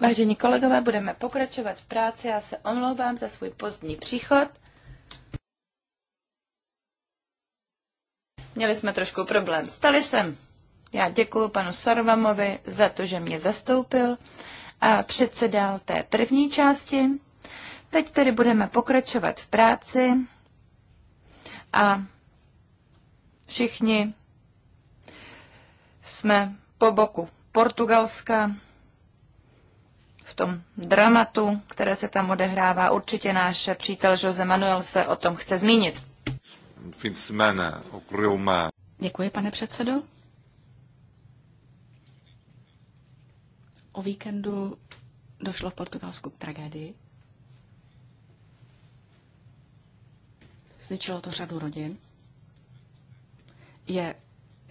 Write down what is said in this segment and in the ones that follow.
Vážení kolegové, budeme pokračovat v práci. Já se omlouvám za svůj pozdní příchod. Měli jsme trošku problém. Stali jsem. Já děkuji panu Sarvamovi za to, že mě zastoupil a předsedal té první části. Teď tedy budeme pokračovat v práci a všichni jsme po boku Portugalska v tom dramatu, které se tam odehrává. Určitě náš přítel Jose Manuel se o tom chce zmínit. Děkuji, pane předsedo. O víkendu došlo v Portugalsku k tragédii. Zničilo to řadu rodin. Je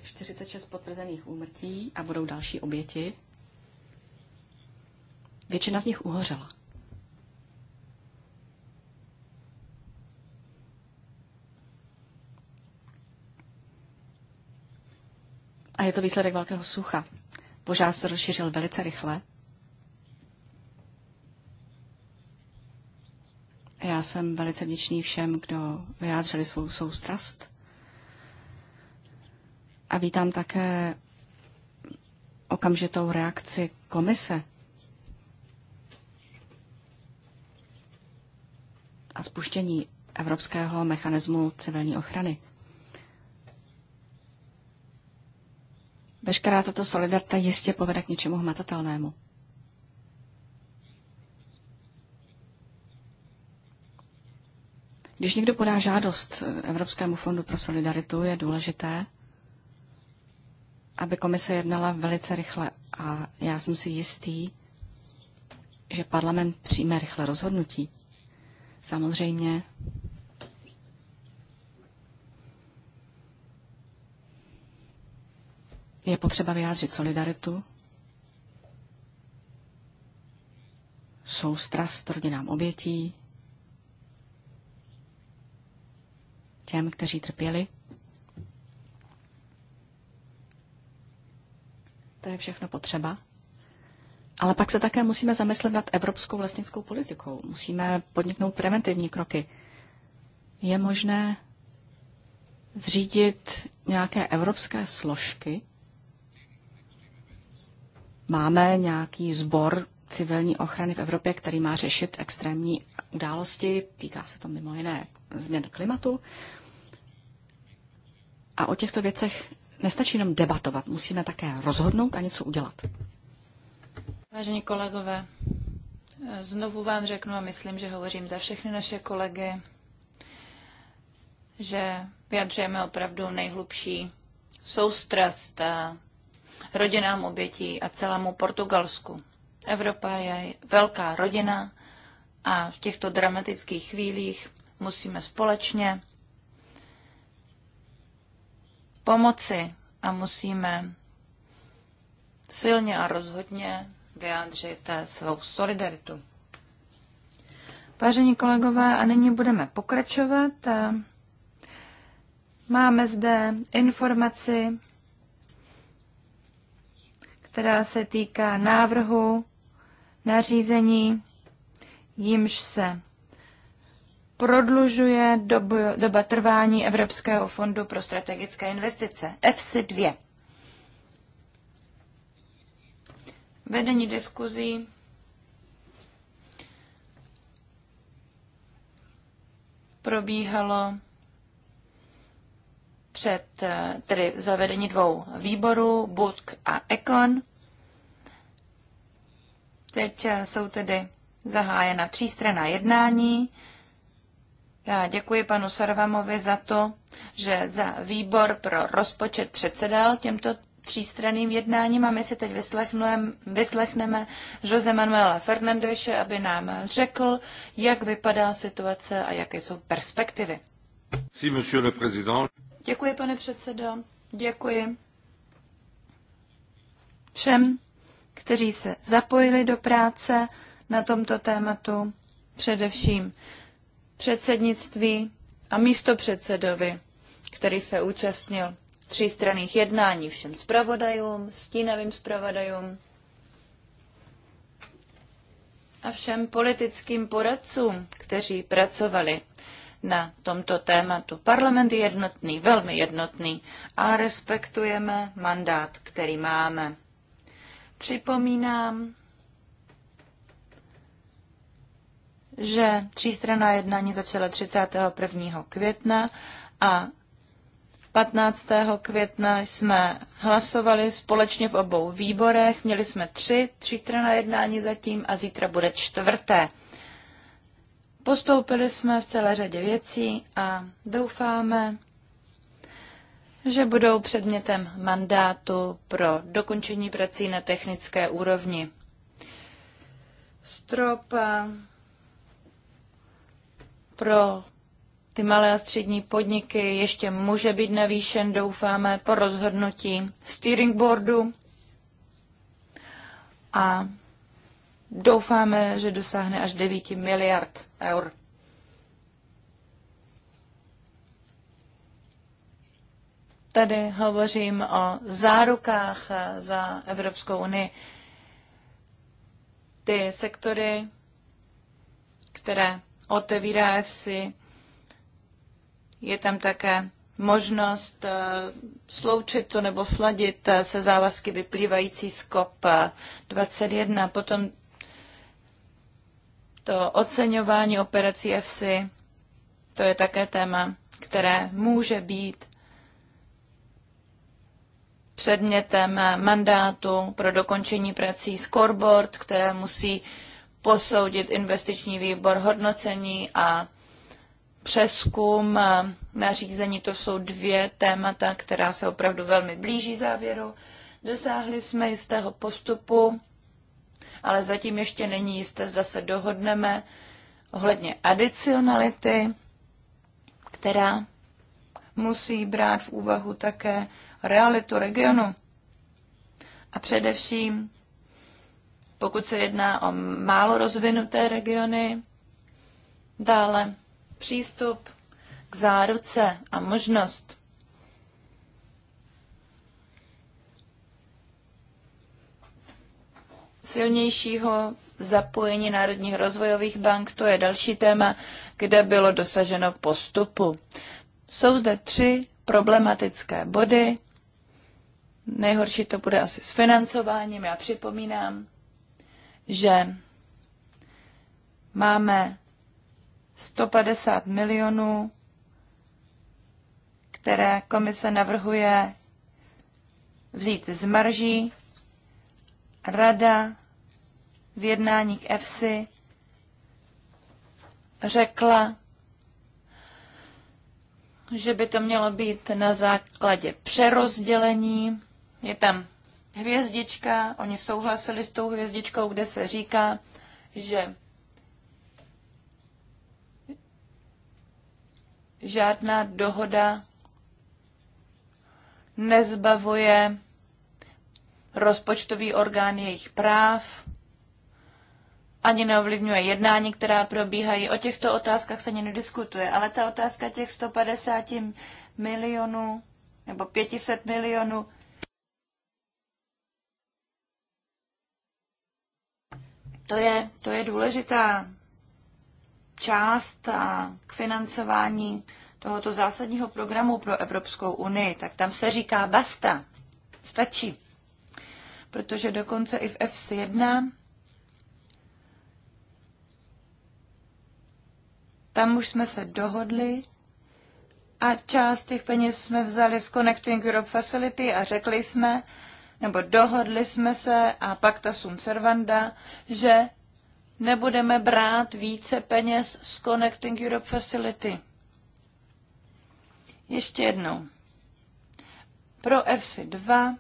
46 potvrzených úmrtí a budou další oběti. Většina z nich uhořela. A je to výsledek velkého sucha. Požár se rozšířil velice rychle. Já jsem velice vděčný všem, kdo vyjádřili svou soustrast a vítám také okamžitou reakci komise a spuštění Evropského mechanismu civilní ochrany. Veškerá tato solidarita jistě povede k něčemu hmatatelnému. Když někdo podá žádost Evropskému fondu pro solidaritu, je důležité, aby komise jednala velice rychle a já jsem si jistý, že parlament přijme rychle rozhodnutí. Samozřejmě je potřeba vyjádřit solidaritu, soustrast rodinám obětí, těm, kteří trpěli. To je všechno potřeba. Ale pak se také musíme zamyslet nad evropskou lesnickou politikou. Musíme podniknout preventivní kroky. Je možné zřídit nějaké evropské složky. Máme nějaký sbor civilní ochrany v Evropě, který má řešit extrémní události. Týká se to mimo jiné změn klimatu. A o těchto věcech nestačí jenom debatovat, musíme také rozhodnout a něco udělat. Vážení kolegové, znovu vám řeknu a myslím, že hovořím za všechny naše kolegy, že vyjadřujeme opravdu nejhlubší soustrast rodinám obětí a celému Portugalsku. Evropa je velká rodina a v těchto dramatických chvílích musíme společně pomoci a musíme silně a rozhodně vyjádřit svou solidaritu. Vážení kolegové, a nyní budeme pokračovat. Máme zde informaci, která se týká návrhu nařízení, jimž se prodlužuje dobu, doba trvání Evropského fondu pro strategické investice, EFSI 2. Vedení diskuzí probíhalo před tedy zavedení dvou výborů, BUDK a EKON. Teď jsou tedy zahájena třístranná jednání já děkuji panu Sarvamovi za to, že za výbor pro rozpočet předsedal těmto třístranným jednáním a my si teď vyslechneme Jose Manuela Fernandeše, aby nám řekl, jak vypadá situace a jaké jsou perspektivy. Si, monsieur le président. Děkuji, pane předsedo. Děkuji všem, kteří se zapojili do práce na tomto tématu, především předsednictví a místopředsedovi, který se účastnil třístranných jednání všem zpravodajům, stínovým zpravodajům a všem politickým poradcům, kteří pracovali na tomto tématu. Parlament je jednotný, velmi jednotný a respektujeme mandát, který máme. Připomínám, že třístranná jednání začala 31. května a 15. května jsme hlasovali společně v obou výborech. Měli jsme tři třístranná jednání zatím a zítra bude čtvrté. Postoupili jsme v celé řadě věcí a doufáme, že budou předmětem mandátu pro dokončení prací na technické úrovni. Strop eh, pro ty malé a střední podniky ještě může být navýšen, doufáme, po rozhodnutí steering boardu a doufáme, že dosáhne až 9 miliard eur. Tady hovořím o zárukách za Evropskou unii. Ty sektory, které otevírá FC Je tam také možnost eh, sloučit to nebo sladit eh, se závazky vyplývající z COP21. Eh, Potom to oceňování operací FC, to je také téma, které může být předmětem mandátu pro dokončení prací scoreboard, které musí posoudit investiční výbor, hodnocení a přeskum eh, nařízení. To jsou dvě témata, která se opravdu velmi blíží závěru. Dosáhli jsme jistého postupu, ale zatím ještě není jisté, zda se dohodneme ohledně adicionality, která musí brát v úvahu také realitu regionu. A především pokud se jedná o málo rozvinuté regiony. Dále přístup k záruce a možnost silnějšího zapojení národních rozvojových bank, to je další téma, kde bylo dosaženo postupu. Jsou zde tři problematické body. Nejhorší to bude asi s financováním, já připomínám, že máme 150 milionů, které komise navrhuje vzít z marží. Rada v jednání k EFSI řekla, že by to mělo být na základě přerozdělení. Je tam hvězdička, oni souhlasili s tou hvězdičkou, kde se říká, že žádná dohoda nezbavuje rozpočtový orgán jejich práv, ani neovlivňuje jednání, která probíhají. O těchto otázkách se ani nediskutuje, ale ta otázka těch 150 milionů nebo 500 milionů To je, to je důležitá část a k financování tohoto zásadního programu pro Evropskou unii, tak tam se říká basta, stačí. Protože dokonce i v FC1 tam už jsme se dohodli a část těch peněz jsme vzali z Connecting Europe Facility a řekli jsme, nebo dohodli jsme se a pacta sunt servanda, že nebudeme brát více peněz z Connecting Europe Facility. Ještě jednou. Pro fc 2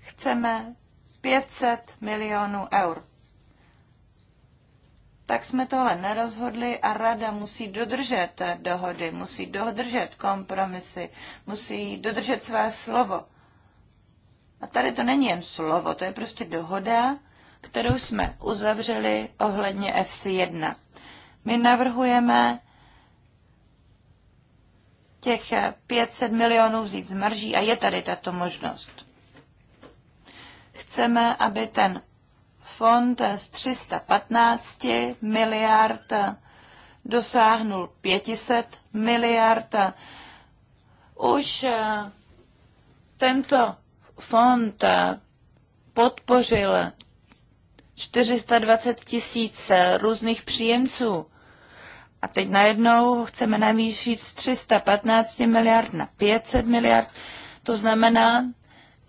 chceme 500 milionů eur. Tak jsme tohle nerozhodli a rada musí dodržet dohody, musí dodržet kompromisy, musí dodržet své slovo. A tady to není jen slovo, to je prostě dohoda, kterou jsme uzavřeli ohledně FC1. My navrhujeme těch 500 milionů vzít z marží a je tady tato možnost. Chceme, aby ten fond z 315 miliard dosáhnul 500 miliard. Už tento fond podpořil 420 tisíc různých příjemců a teď najednou chceme navýšit z 315 miliard na 500 miliard. To znamená,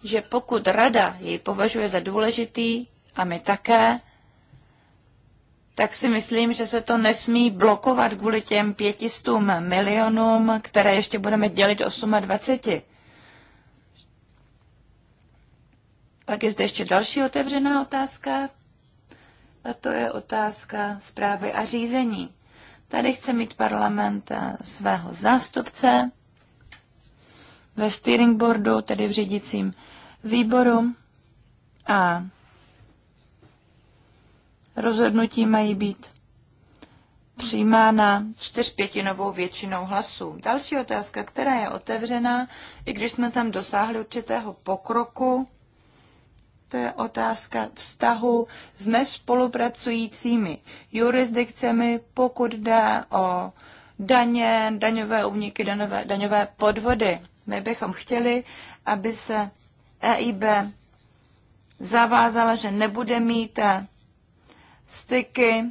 že pokud rada jej považuje za důležitý a my také, tak si myslím, že se to nesmí blokovat kvůli těm 500 milionům, které ještě budeme dělit 28. Pak je zde ještě další otevřená otázka, a to je otázka zprávy a řízení. Tady chce mít parlament eh, svého zástupce ve steering boardu, tedy v řídícím výboru a rozhodnutí mají být přijímána čtyřpětinovou většinou hlasů. Další otázka, která je otevřená, i když jsme tam dosáhli určitého pokroku, to je otázka vztahu s nespolupracujícími jurisdikcemi, pokud jde o daně, daňové úniky, daňové, daňové podvody. My bychom chtěli, aby se EIB zavázala, že nebude mít eh, styky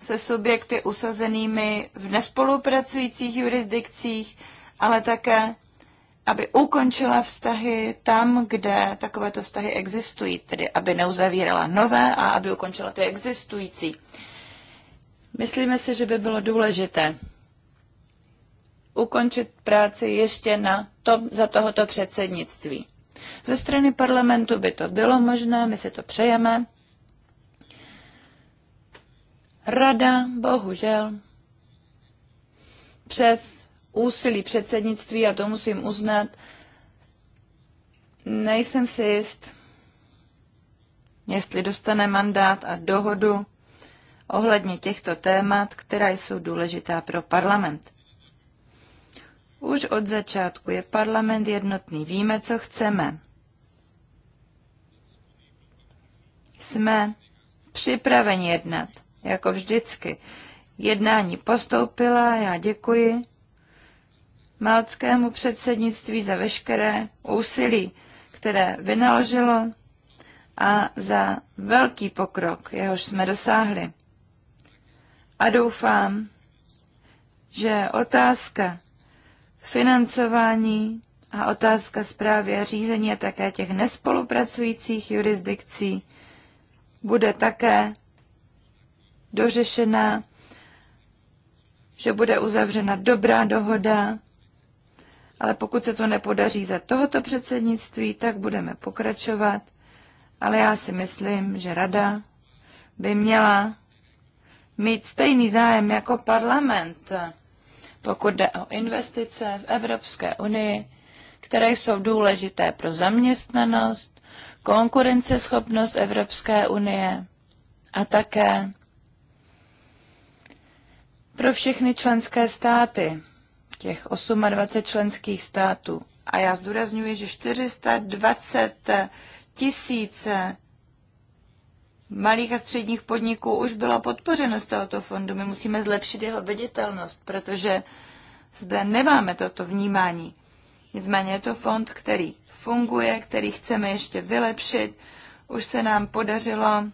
se subjekty usazenými v nespolupracujících jurisdikcích, ale také aby ukončila vztahy tam, kde takovéto vztahy existují, tedy aby neuzavírala nové a aby ukončila ty existující. Myslíme si, že by bylo důležité ukončit práci ještě na to, za tohoto předsednictví. Ze strany parlamentu by to bylo možné, my si to přejeme. Rada, bohužel, přes úsilí předsednictví, a to musím uznat, nejsem si jist, jestli dostane mandát a dohodu ohledně těchto témat, která jsou důležitá pro parlament. Už od začátku je parlament jednotný, víme, co chceme. Jsme připraveni jednat, jako vždycky. Jednání postoupila, já děkuji maltskému předsednictví za veškeré úsilí, které vynaložilo a za velký pokrok, jehož jsme dosáhli. A doufám, že otázka financování a otázka zprávy a řízení a také těch nespolupracujících jurisdikcí bude také dořešena, že bude uzavřena dobrá dohoda ale pokud se to nepodaří za tohoto předsednictví, tak budeme pokračovat. Ale já si myslím, že rada by měla mít stejný zájem jako parlament, pokud jde o investice v Evropské unii, které jsou důležité pro zaměstnanost, konkurenceschopnost Evropské unie a také pro všechny členské státy těch 28 členských států. A já zdůrazňuji, že 420 tisíc malých a středních podniků už bylo podpořeno z tohoto fondu. My musíme zlepšit jeho viditelnost, protože zde nemáme toto vnímání. Nicméně je to fond, který funguje, který chceme ještě vylepšit. Už se nám podařilo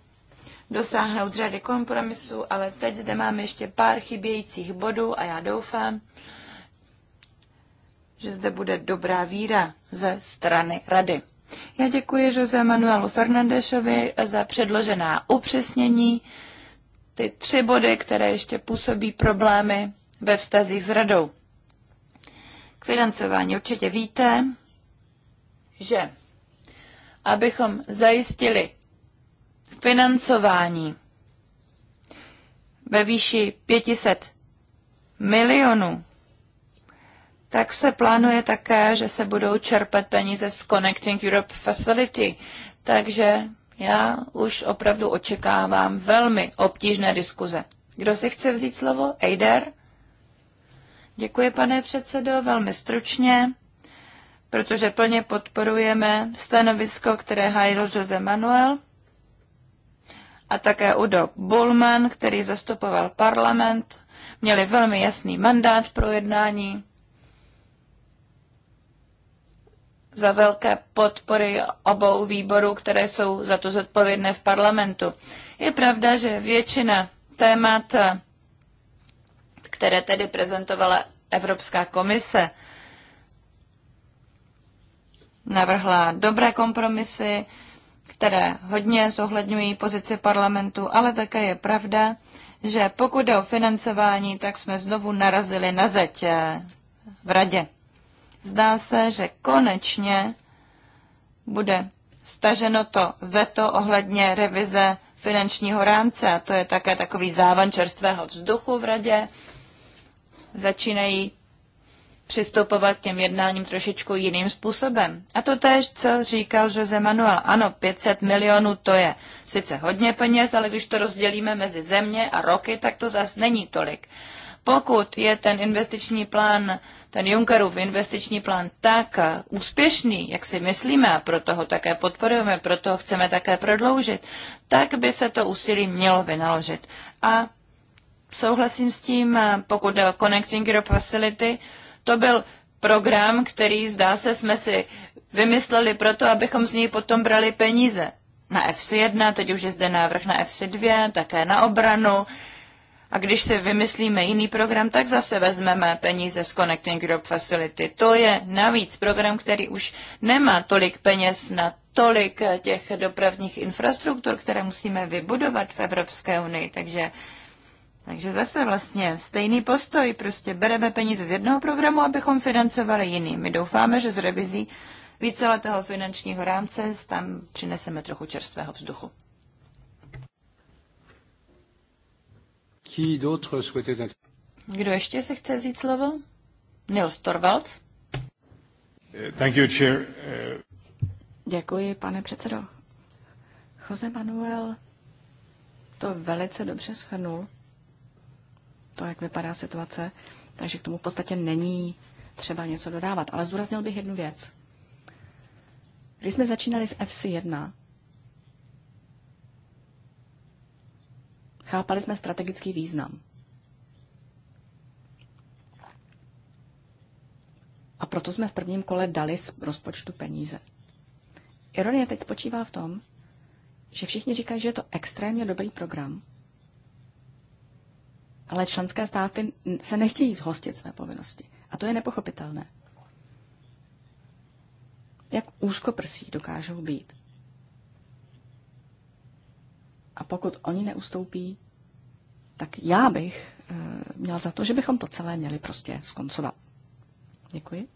dosáhnout řady kompromisů, ale teď zde máme ještě pár chybějících bodů a já doufám, že zde bude dobrá víra ze strany rady. Já děkuji Jose Manuelu Fernandešovi za předložená upřesnění, ty tři body, které ještě působí problémy ve vztazích s radou. K financování určitě víte, že abychom zajistili financování ve výši 500 milionů tak se plánuje také, že se budou čerpat peníze z Connecting Europe Facility. Takže já už opravdu očekávám velmi obtížné diskuze. Kdo si chce vzít slovo? Eider? Děkuji, pane předsedo, velmi stručně, protože plně podporujeme stanovisko, které hájil Jose Manuel a také Udo Bullman, který zastupoval parlament, měli velmi jasný mandát pro jednání za velké podpory obou výborů, které jsou za to zodpovědné v parlamentu. Je pravda, že většina témat, které tedy prezentovala Evropská komise, navrhla dobré kompromisy, které hodně zohledňují pozici parlamentu, ale také je pravda, že pokud jde o financování, tak jsme znovu narazili na zeď v radě. Zdá se, že konečně bude staženo to veto ohledně revize finančního rámce a to je také takový závan čerstvého vzduchu v radě. Začínají přistupovat k těm jednáním trošičku jiným způsobem. A to tež, co říkal Jose Manuel. Ano, 500 milionů to je sice hodně peněz, ale když to rozdělíme mezi země a roky, tak to zas není tolik. Pokud je ten investiční plán, ten Junckerův investiční plán tak úspěšný, jak si myslíme, a proto ho také podporujeme, proto ho chceme také prodloužit, tak by se to úsilí mělo vynaložit. A souhlasím s tím, pokud jde o Connecting Europe Facility, to byl program, který zdá se jsme si vymysleli proto, abychom z něj potom brali peníze. Na FC1, teď už je zde návrh na FC2, také na obranu, a když si vymyslíme jiný program, tak zase vezmeme peníze z Connecting Europe Facility. To je navíc program, který už nemá tolik peněz na tolik eh, těch dopravních infrastruktur, které musíme vybudovat v Evropské unii. Takže, takže zase vlastně stejný postoj, prostě bereme peníze z jednoho programu, abychom financovali jiný. My doufáme, že z revizí víceletého finančního rámce tam přineseme trochu čerstvého vzduchu. Qui d'autre souhaitait Kdo ještě se chce vzít slovo? Nils Torvald. Thank you, chair. Děkuji, pane předsedo. Jose Manuel to velice dobře shrnul, to, jak vypadá situace, takže k tomu v podstatě není třeba něco dodávat. Ale zdůraznil bych jednu věc. Když jsme začínali s FC1, Chápali jsme strategický význam. A proto jsme v prvním kole dali z rozpočtu peníze. Ironie teď spočívá v tom, že všichni říkají, že je to extrémně dobrý program, ale členské státy se nechtějí zhostit své povinnosti. A to je nepochopitelné. Jak úzkoprsí dokážou být. A pokud oni neustoupí, tak já bych eh, měl za to, že bychom to celé měli prostě skoncovat. Děkuji.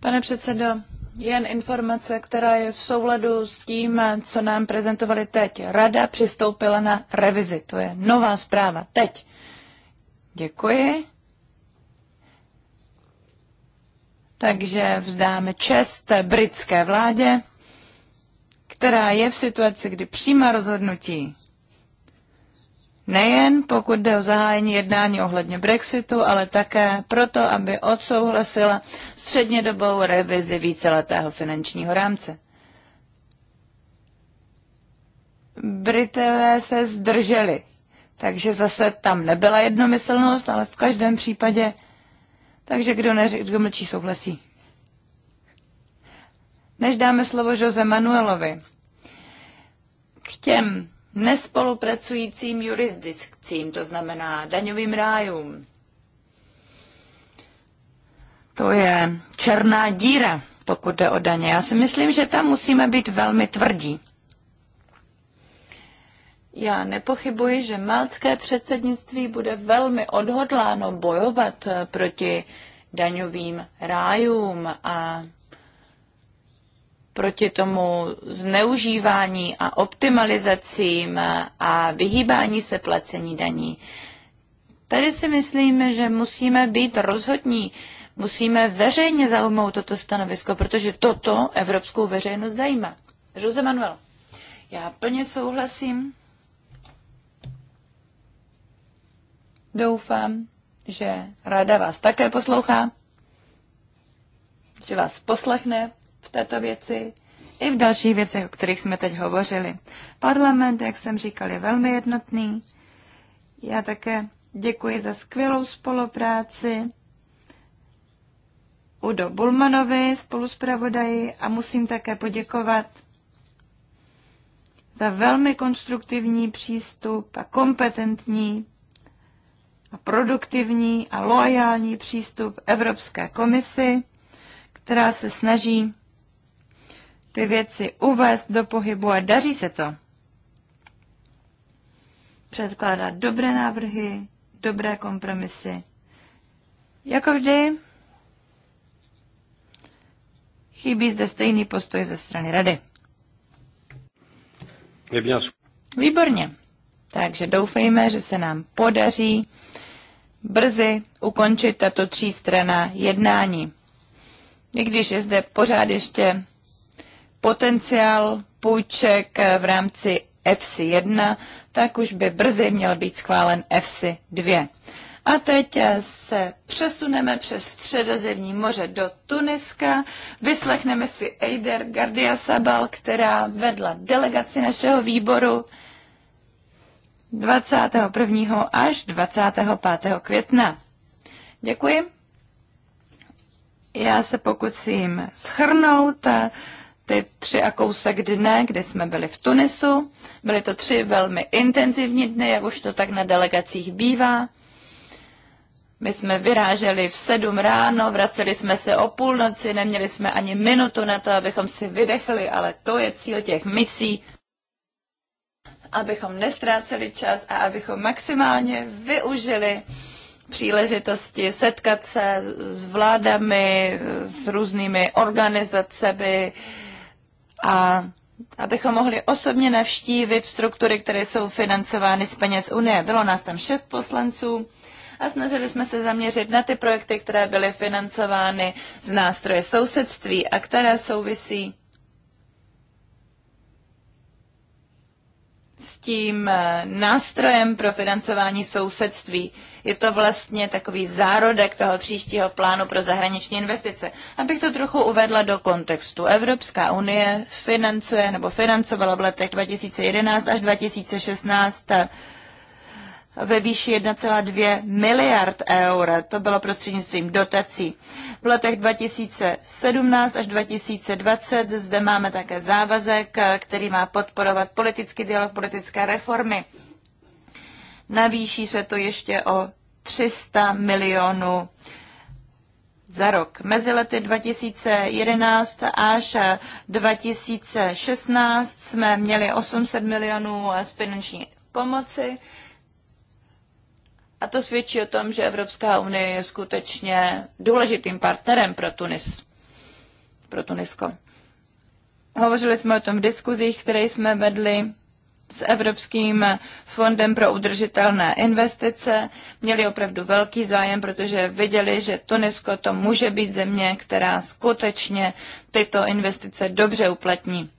Pane předsedo, jen informace, která je v souladu s tím, co nám prezentovali teď. Rada přistoupila na revizi. To je nová zpráva. Teď. Děkuji. Takže vzdáme čest britské vládě, která je v situaci, kdy přijímá rozhodnutí Nejen pokud jde o zahájení jednání ohledně Brexitu, ale také proto, aby odsouhlasila střednědobou revizi víceletého finančního rámce. Britové se zdrželi, takže zase tam nebyla jednomyslnost, ale v každém případě, takže kdo, neři, kdo mlčí, souhlasí. Než dáme slovo Jose Manuelovi, k těm nespolupracujícím jurisdikcím, to znamená daňovým rájům. To je černá díra, pokud jde o daně. Já si myslím, že tam musíme být velmi tvrdí. Já nepochybuji, že malcké předsednictví bude velmi odhodláno bojovat eh, proti daňovým rájům a proti tomu zneužívání a optimalizacím a vyhýbání se placení daní. Tady si myslíme, že musíme být rozhodní, musíme veřejně zaujmout toto stanovisko, protože toto evropskou veřejnost zajímá. Jose Manuel, já plně souhlasím. Doufám, že ráda vás také poslouchá, že vás poslechne, v této věci i v dalších věcech, o kterých jsme teď hovořili. Parlament, jak jsem říkal, je velmi jednotný. Já také děkuji za skvělou spolupráci Udo Bulmanovi, spoluspravodaji, a musím také poděkovat za velmi konstruktivní přístup a kompetentní a produktivní a loajální přístup Evropské komisi, která se snaží ty věci uvést do pohybu a daří se to. Předkládá dobré návrhy, dobré kompromisy. Jako vždy, chybí zde stejný postoj ze strany rady. Výborně. Takže doufejme, že se nám podaří brzy ukončit tato třístrana jednání. I když je zde pořád ještě potenciál půjček eh, v rámci EFSI 1, tak už by brzy měl být schválen EFSI 2. A teď eh, se přesuneme přes středozemní moře do Tuniska. Vyslechneme si Eider Gardia Sabal, která vedla delegaci našeho výboru 21. až 25. května. Děkuji. Já se pokusím schrnout eh, ty tři a kousek dne, kdy jsme byli v Tunisu. Byly to tři velmi intenzivní dny, jak už to tak na delegacích bývá. My jsme vyráželi v sedm ráno, vraceli jsme se o půlnoci, neměli jsme ani minutu na to, abychom si vydechli, ale to je cíl těch misí, abychom nestráceli čas a abychom maximálně využili příležitosti setkat se s vládami, s různými organizacemi, a abychom mohli osobně navštívit struktury, které jsou financovány z peněz Unie. Bylo nás tam šest poslanců a snažili jsme se zaměřit na ty projekty, které byly financovány z nástroje sousedství a které souvisí s tím eh, nástrojem pro financování sousedství. Je to vlastně takový zárodek toho příštího plánu pro zahraniční investice. Abych to trochu uvedla do kontextu. Evropská unie financuje nebo financovala v letech 2011 až 2016 eh, ve výši 1,2 miliard eur. To bylo prostřednictvím dotací. V letech 2017 až 2020 zde máme také závazek, eh, který má podporovat politický dialog, politické reformy navýší se to ještě o 300 milionů za rok. Mezi lety 2011 až 2016 jsme měli 800 milionů z finanční pomoci. A to svědčí o tom, že Evropská unie je skutečně důležitým partnerem pro Tunis, pro Tunisko. Hovořili jsme o tom v diskuzích, které jsme vedli s Evropským fondem pro udržitelné investice měli opravdu velký zájem, protože viděli, že Tunisko to může být země, která skutečně tyto investice dobře uplatní.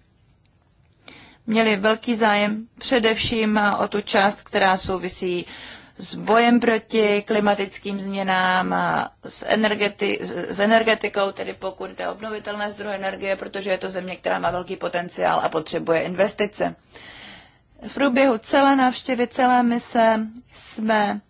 Měli velký zájem především o tu část, která souvisí s bojem proti klimatickým změnám, a s, energeti- s energetikou, tedy pokud jde obnovitelné zdroje energie, protože je to země, která má velký potenciál a potřebuje investice. V průběhu celé návštěvy, celé mise jsme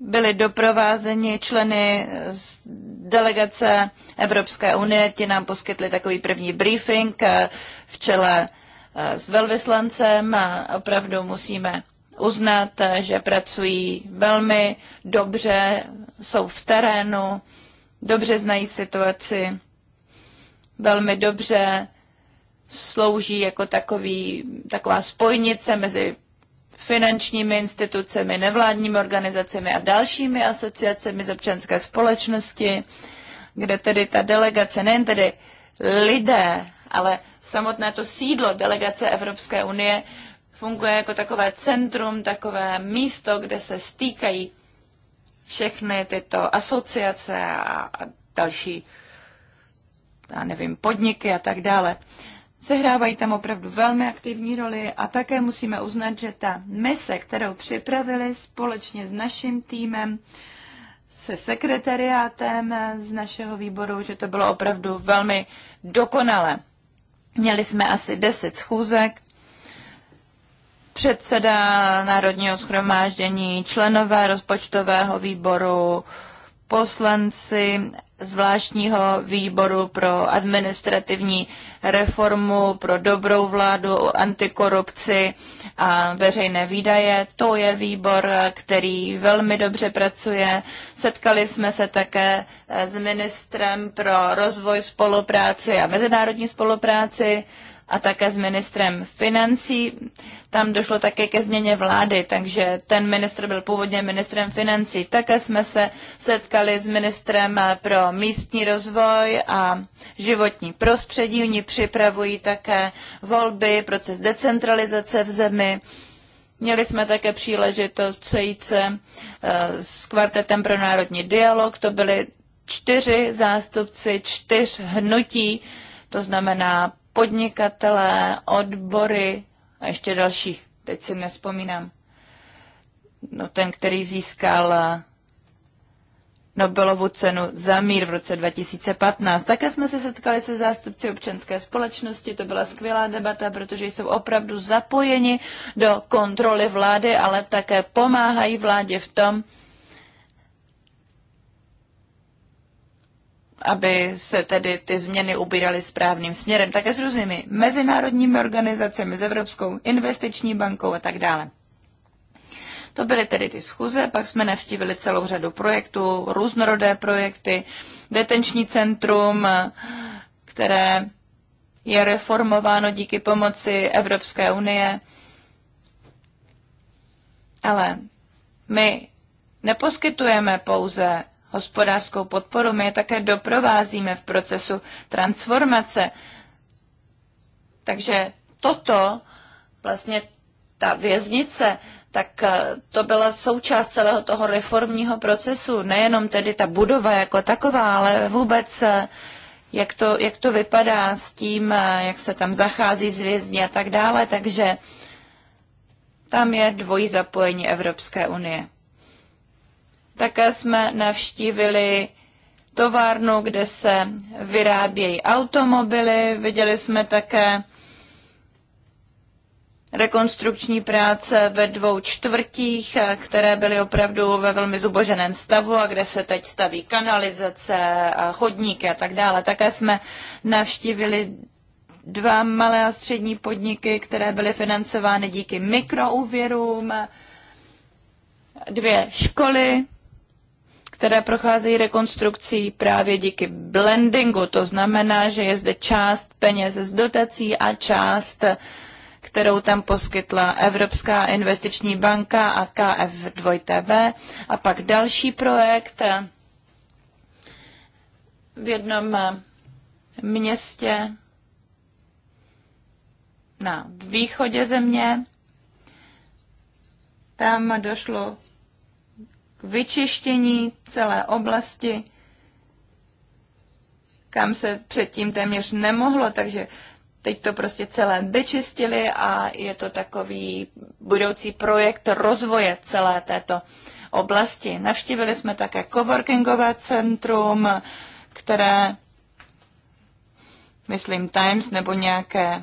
byli doprovázeni členy z delegace Evropské unie. Ti nám poskytli takový první briefing eh, v čele eh, s velvyslancem a opravdu musíme uznat, eh, že pracují velmi dobře, jsou v terénu, dobře znají situaci, velmi dobře slouží jako takový, taková spojnice mezi finančními institucemi, nevládními organizacemi a dalšími asociacemi z občanské společnosti, kde tedy ta delegace, nejen tedy lidé, ale samotné to sídlo delegace Evropské unie funguje jako takové centrum, takové místo, kde se stýkají všechny tyto asociace a, a další, já nevím, podniky a tak dále. Uh, Sehrávají tam opravdu velmi aktivní roli a také musíme uznat, že ta mise, kterou připravili společně s naším týmem, se sekretariátem z našeho výboru, že to bylo opravdu velmi dokonale. Měli jsme asi 10 schůzek, předseda Národního schromáždění, členové rozpočtového výboru, poslanci zvláštního výboru pro administrativní reformu, pro dobrou vládu, antikorupci a veřejné výdaje. To je výbor, který velmi dobře pracuje. Setkali jsme se také eh, s ministrem pro rozvoj spolupráci a mezinárodní spolupráci a také s ministrem financí. Tam došlo také ke změně vlády, takže ten ministr byl původně ministrem financí. Také jsme se setkali s ministrem pro místní rozvoj a životní prostředí. Oni připravují také volby, proces decentralizace v zemi. Měli jsme také příležitost sejít se eh, s kvartetem pro národní dialog. To byly čtyři zástupci čtyř hnutí, to znamená podnikatelé, odbory a ještě další, teď si nespomínám. No ten, který získal eh, Nobelovu cenu za mír v roce 2015. Také jsme se setkali se zástupci občanské společnosti, to byla skvělá debata, protože jsou opravdu zapojeni do kontroly vlády, ale také pomáhají vládě v tom, aby se tedy ty změny ubíraly správným směrem, také s různými mezinárodními organizacemi, s Evropskou investiční bankou a tak dále. To byly tedy ty schůze, pak jsme navštívili celou řadu projektů, různorodé projekty, detenční centrum, které je reformováno díky pomoci Evropské unie. Ale my neposkytujeme pouze hospodářskou podporu. My je také doprovázíme v procesu transformace. Takže toto, vlastně ta věznice, tak eh, to byla součást celého toho reformního procesu. Nejenom tedy ta budova jako taková, ale vůbec eh, jak to, jak to vypadá s tím, eh, jak se tam zachází z vězni a tak dále. Takže tam je dvojí zapojení Evropské unie. Také jsme navštívili továrnu, kde se vyrábějí automobily. Viděli jsme také rekonstrukční práce ve dvou čtvrtích, které byly opravdu ve velmi zuboženém stavu a kde se teď staví kanalizace, a chodníky a tak dále. Také jsme navštívili dva malé a střední podniky, které byly financovány díky mikroúvěrům, dvě školy, které procházejí rekonstrukcí právě díky blendingu. To znamená, že je zde část peněz z dotací a část, kterou tam poskytla Evropská investiční banka a KF2TV. A pak další projekt v jednom městě na východě země. Tam došlo vyčištění celé oblasti, kam se předtím téměř nemohlo, takže teď to prostě celé vyčistili a je to takový budoucí projekt rozvoje celé této oblasti. Navštívili jsme také coworkingové centrum, které, myslím, Times nebo nějaké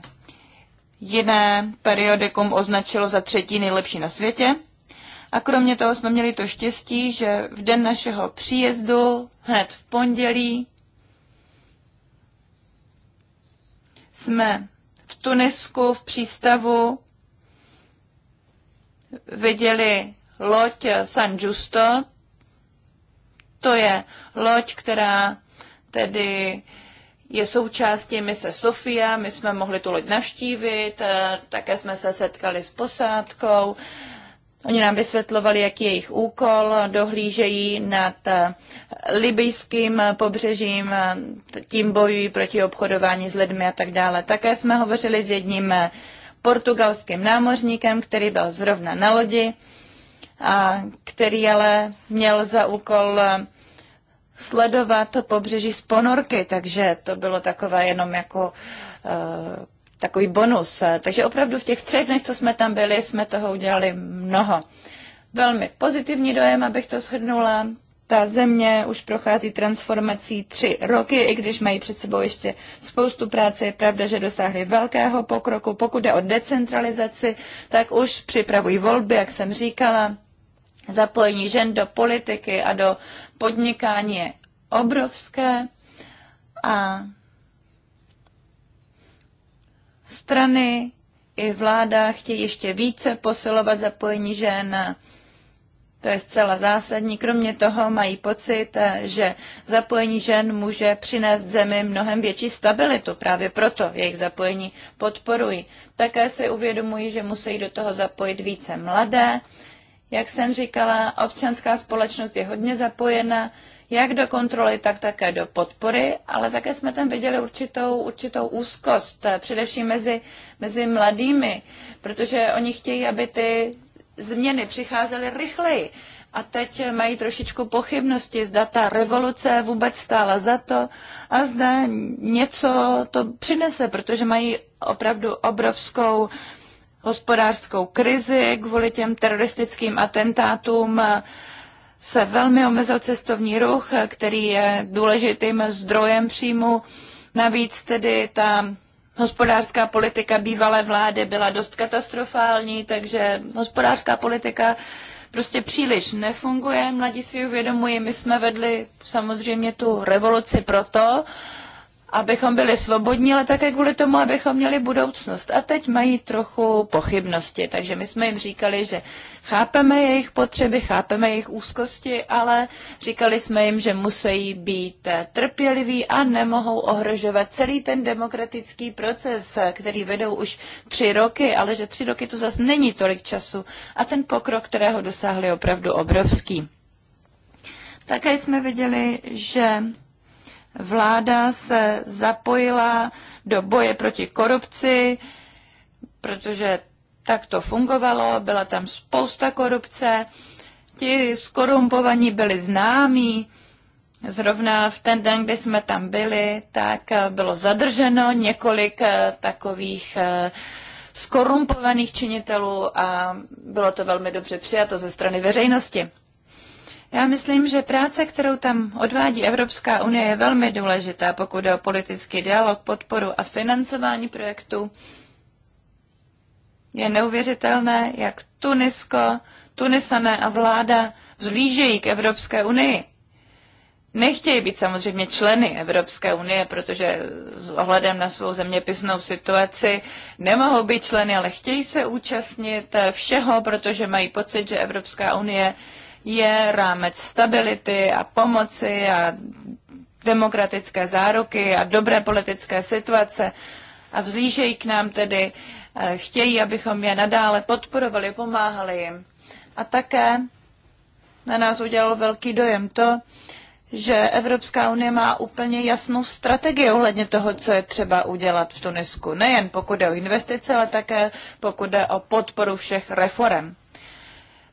jiné periodikum označilo za třetí nejlepší na světě. A kromě toho jsme měli to štěstí, že v den našeho příjezdu, hned v pondělí, jsme v Tunisku v přístavu viděli loď San Justo. To je loď, která tedy je součástí mise Sofia. My jsme mohli tu loď navštívit, eh, také jsme se setkali s posádkou, Oni nám vysvětlovali, jaký je jejich úkol, dohlížejí nad eh, libijským pobřežím, eh, tím bojují proti obchodování s lidmi a tak dále. Také jsme hovořili s jedním eh, portugalským námořníkem, který byl zrovna na lodi, a který ale měl za úkol sledovat to pobřeží z ponorky, takže to bylo takové jenom jako takový bonus. Takže opravdu v těch třech dnech, co jsme tam byli, jsme toho udělali mnoho. Velmi pozitivní dojem, abych to shrnula. Ta země už prochází transformací tři roky, i když mají před sebou ještě spoustu práce. Je pravda, že dosáhli velkého pokroku. Pokud jde o decentralizaci, tak už připravují volby, jak jsem říkala. Zapojení žen do politiky a do podnikání je obrovské. A strany i vláda chtějí ještě více posilovat zapojení žen. To je zcela zásadní. Kromě toho mají pocit, že zapojení žen může přinést zemi mnohem větší stabilitu. Právě proto jejich zapojení podporují. Také si uvědomují, že musí do toho zapojit více mladé. Jak jsem říkala, občanská společnost je hodně zapojena jak do kontroly, tak také do podpory, ale také jsme tam viděli určitou, určitou úzkost, eh, především mezi, mezi mladými, protože oni chtějí, aby ty změny přicházely rychleji. A teď mají trošičku pochybnosti, zda ta revoluce vůbec stála za to a zda něco to přinese, protože mají opravdu obrovskou hospodářskou krizi kvůli těm teroristickým atentátům eh, se velmi omezil cestovní ruch, který je důležitým zdrojem příjmu. Navíc tedy ta hospodářská politika bývalé vlády byla dost katastrofální, takže hospodářská politika prostě příliš nefunguje. Mladí si uvědomují, my jsme vedli samozřejmě tu revoluci proto, abychom byli svobodní, ale také kvůli tomu, abychom měli budoucnost. A teď mají trochu pochybnosti, takže my jsme jim říkali, že chápeme jejich potřeby, chápeme jejich úzkosti, ale říkali jsme jim, že musí být trpěliví a nemohou ohrožovat celý ten demokratický proces, který vedou už tři roky, ale že tři roky to zase není tolik času a ten pokrok, kterého dosáhli, je opravdu obrovský. Také jsme viděli, že Vláda se zapojila do boje proti korupci, protože tak to fungovalo, byla tam spousta korupce, ti skorumpovaní byli známí, Zrovna v ten den, kdy jsme tam byli, tak bylo zadrženo několik eh, takových eh, skorumpovaných činitelů a bylo to velmi dobře přijato ze strany veřejnosti. Já myslím, že práce, kterou tam odvádí Evropská unie, je velmi důležitá, pokud jde o politický dialog, podporu a financování projektu. Je neuvěřitelné, jak Tunisko, Tunisané a vláda vzlížejí k Evropské unii. Nechtějí být samozřejmě členy Evropské unie, protože s ohledem na svou zeměpisnou situaci nemohou být členy, ale chtějí se účastnit všeho, protože mají pocit, že Evropská unie je rámec stability a pomoci a demokratické záruky a dobré politické situace a vzlížejí k nám tedy, eh, chtějí, abychom je nadále podporovali, pomáhali jim. A také na nás udělalo velký dojem to, že Evropská unie má úplně jasnou strategii ohledně toho, co je třeba udělat v Tunisku. Nejen pokud jde o investice, ale také pokud jde o podporu všech reform.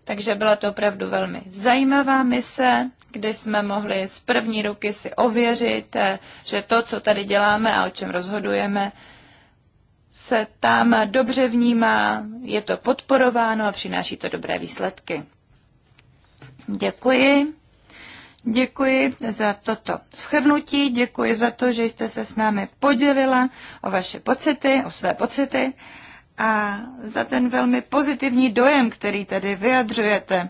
Takže byla to opravdu velmi zajímavá mise, kdy jsme mohli z první ruky si ověřit, eh, že to, co tady děláme a o čem rozhodujeme, se tam dobře vnímá, je to podporováno a přináší to dobré výsledky. Děkuji. Děkuji za toto schrnutí, děkuji za to, že jste se s námi podělila o vaše pocity, o své pocity a za ten velmi pozitivní dojem, který tady vyjadřujete,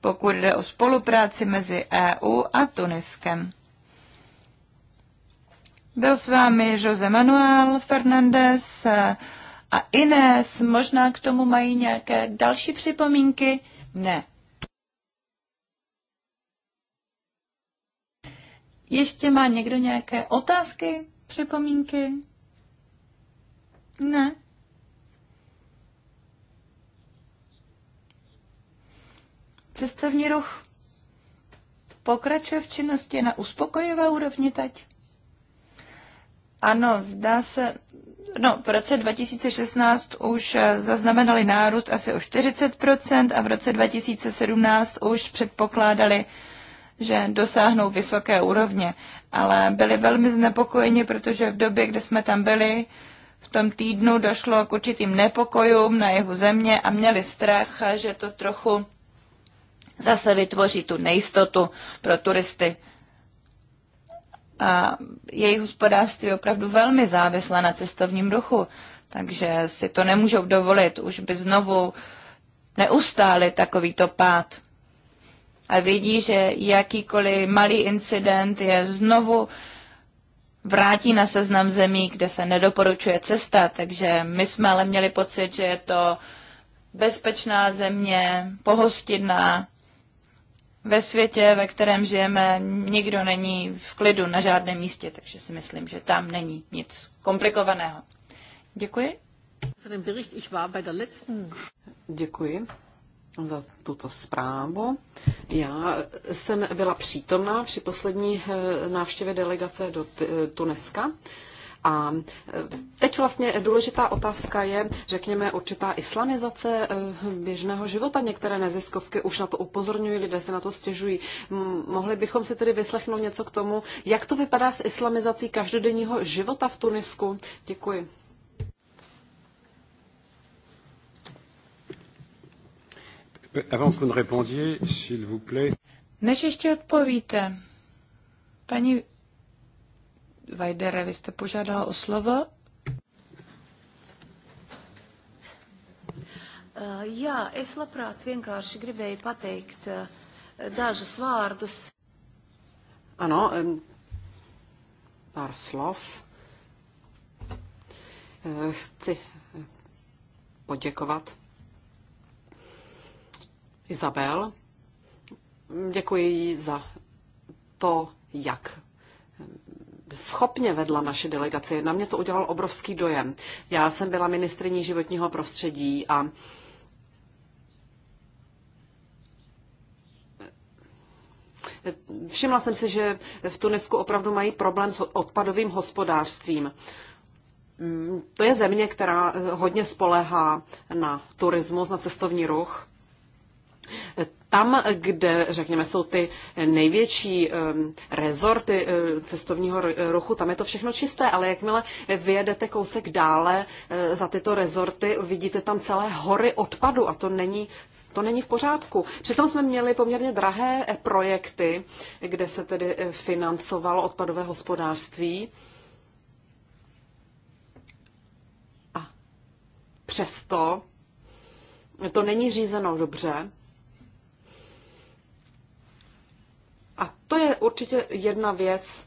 pokud jde o spolupráci mezi EU a Tuniskem. Byl s vámi Jose Manuel Fernandez a Inés. Možná k tomu mají nějaké další připomínky? Ne. Ještě má někdo nějaké otázky, připomínky? Ne. Cestovní ruch pokračuje v činnosti na uspokojivé úrovni teď? Ano, zdá se, no v roce 2016 už eh, zaznamenali nárůst asi o 40% a v roce 2017 už předpokládali, že dosáhnou vysoké úrovně, ale byli velmi znepokojeni, protože v době, kdy jsme tam byli, v tom týdnu došlo k určitým nepokojům na jihu země a měli strach, že to trochu zase vytvoří tu nejistotu pro turisty. A jejich hospodářství je opravdu velmi závislé na cestovním ruchu, takže si to nemůžou dovolit, už by znovu neustáli takovýto pád. A vidí, že jakýkoliv malý incident je znovu vrátí na seznam zemí, kde se nedoporučuje cesta, takže my jsme ale měli pocit, že je to bezpečná země, pohostinná, ve světě, ve kterém žijeme, nikdo není v klidu na žádném místě, takže si myslím, že tam není nic komplikovaného. Děkuji. Děkuji za tuto zprávu. Já jsem byla přítomná při poslední eh, návštěvě delegace do eh, Tuneska a e, teď vlastně důležitá otázka je, řekněme, určitá islamizace e, běžného života. Některé neziskovky už na to upozorňují, lidé se na to stěžují. Mohli bychom si tedy vyslechnout něco k tomu, jak to vypadá s islamizací každodenního života v Tunisku. Děkuji. Než ještě odpovíte, paní Vajdere, vy jste požádala o slovo? Eh, jā, es labprāt vienkārši gribēju pateikt eh, dažus vārdus. Ano, pár slov. Eh, chci poděkovat Izabel. Děkuji jí za to, jak schopně vedla naše delegace. Na mě to udělal obrovský dojem. Já jsem byla ministriní životního prostředí a Všimla jsem si, že v Tunisku opravdu mají problém s odpadovým hospodářstvím. Mm, to je země, která eh, hodně spolehá na turismus, na cestovní ruch. Tam, kde, řekněme, jsou ty největší rezorty cestovního ruchu, tam je to všechno čisté, ale jakmile vyjedete kousek dále eh, za tyto rezorty, vidíte tam celé hory odpadu a to není to není v pořádku. Přitom jsme měli poměrně drahé eh, projekty, kde se tedy eh, financovalo odpadové hospodářství. A přesto to není řízeno dobře. A to je určitě jedna věc,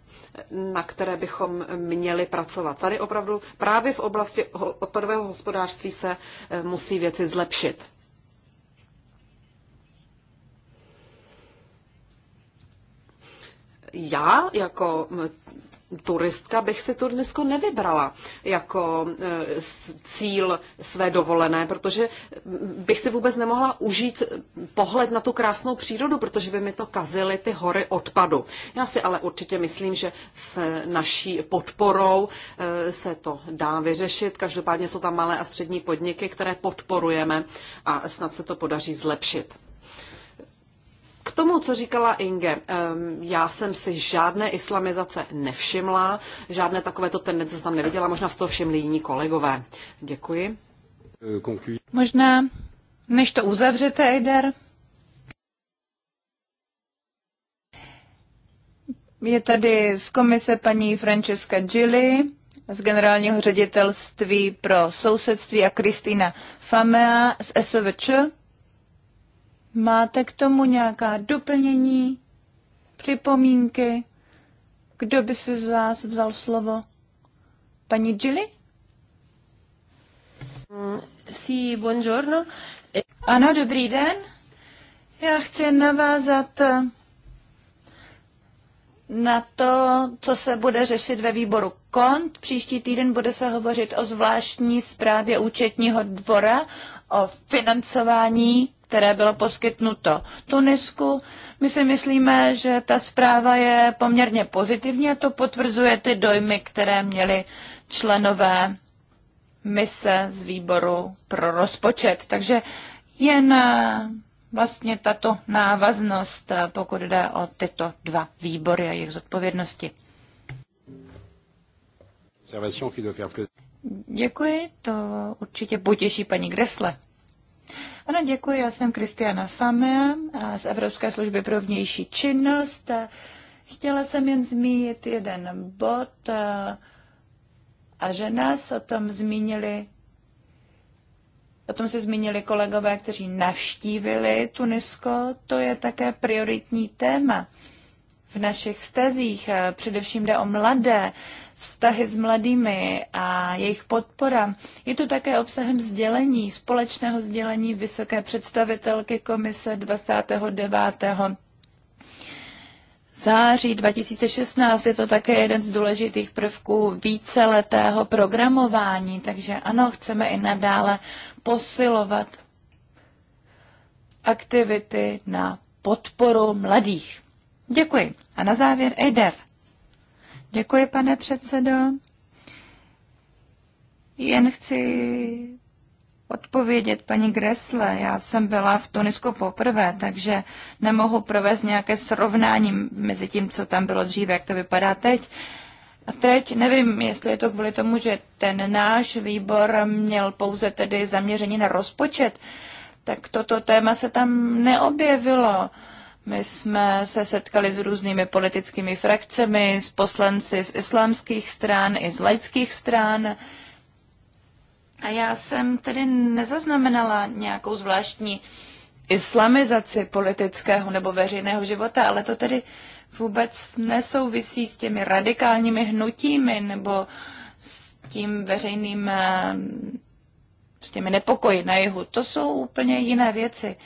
na které bychom měli pracovat. Tady opravdu právě v oblasti odpadového hospodářství se eh, musí věci zlepšit. Já jako turistka bych si Tunisko nevybrala jako e, cíl své dovolené, protože bych si vůbec nemohla užít pohled na tu krásnou přírodu, protože by mi to kazily ty hory odpadu. Já si ale určitě myslím, že s naší podporou e, se to dá vyřešit. Každopádně jsou tam malé a střední podniky, které podporujeme a snad se to podaří zlepšit. K tomu, co říkala Inge, ehm, já jsem si žádné islamizace nevšimla, žádné takovéto tendence tam neviděla, možná z toho všimli jiní kolegové. Děkuji. Možná, než to uzavřete, Eider, Je tady z komise paní Francesca Gilly, z generálního ředitelství pro sousedství a Kristýna Famea z SOVČ, Máte k tomu nějaká doplnění, připomínky? Kdo by si z vás vzal slovo? Paní Gilly? Sí, buongiorno. Ano, dobrý den. Já chci navázat na to, co se bude řešit ve výboru KONT. Příští týden bude se hovořit o zvláštní zprávě účetního dvora o financování které bylo poskytnuto Tunisku. My si myslíme, že ta zpráva je poměrně pozitivní a to potvrzuje ty dojmy, které měli členové mise z výboru pro rozpočet. Takže jen eh, vlastně tato návaznost, eh, pokud jde o tyto dva výbory a jejich zodpovědnosti. Děkuji, to určitě potěší paní Gresle. Ano, děkuji, já jsem Kristiana Fame z Evropské služby pro vnější činnost. Chtěla jsem jen zmínit jeden bod a že nás o tom zmínili O tom se zmínili kolegové, kteří navštívili Tunisko. To je také prioritní téma v našich vztazích. Především jde o mladé vztahy s mladými a jejich podpora. Je to také obsahem sdělení, společného sdělení vysoké představitelky komise 29 září 2016 je to také jeden z důležitých prvků víceletého programování, takže ano, chceme i nadále posilovat aktivity na podporu mladých. Děkuji. A na závěr EDEF. Děkuji, pane předsedo. Jen chci odpovědět paní Gresle. Já jsem byla v Tunisku poprvé, takže nemohu provést nějaké srovnání mezi tím, co tam bylo dříve, jak to vypadá teď. A teď nevím, jestli je to kvůli tomu, že ten náš výbor měl pouze tedy zaměření na rozpočet, tak toto téma se tam neobjevilo. Uh, my jsme se setkali s různými politickými frakcemi, s poslanci z islámských stran i z laických stran. A já jsem tedy nezaznamenala nějakou zvláštní islamizaci politického nebo veřejného života, ale to tedy vůbec nesouvisí s těmi radikálními hnutími nebo s tím veřejným, eh, s těmi nepokoji na jihu. To jsou úplně jiné věci.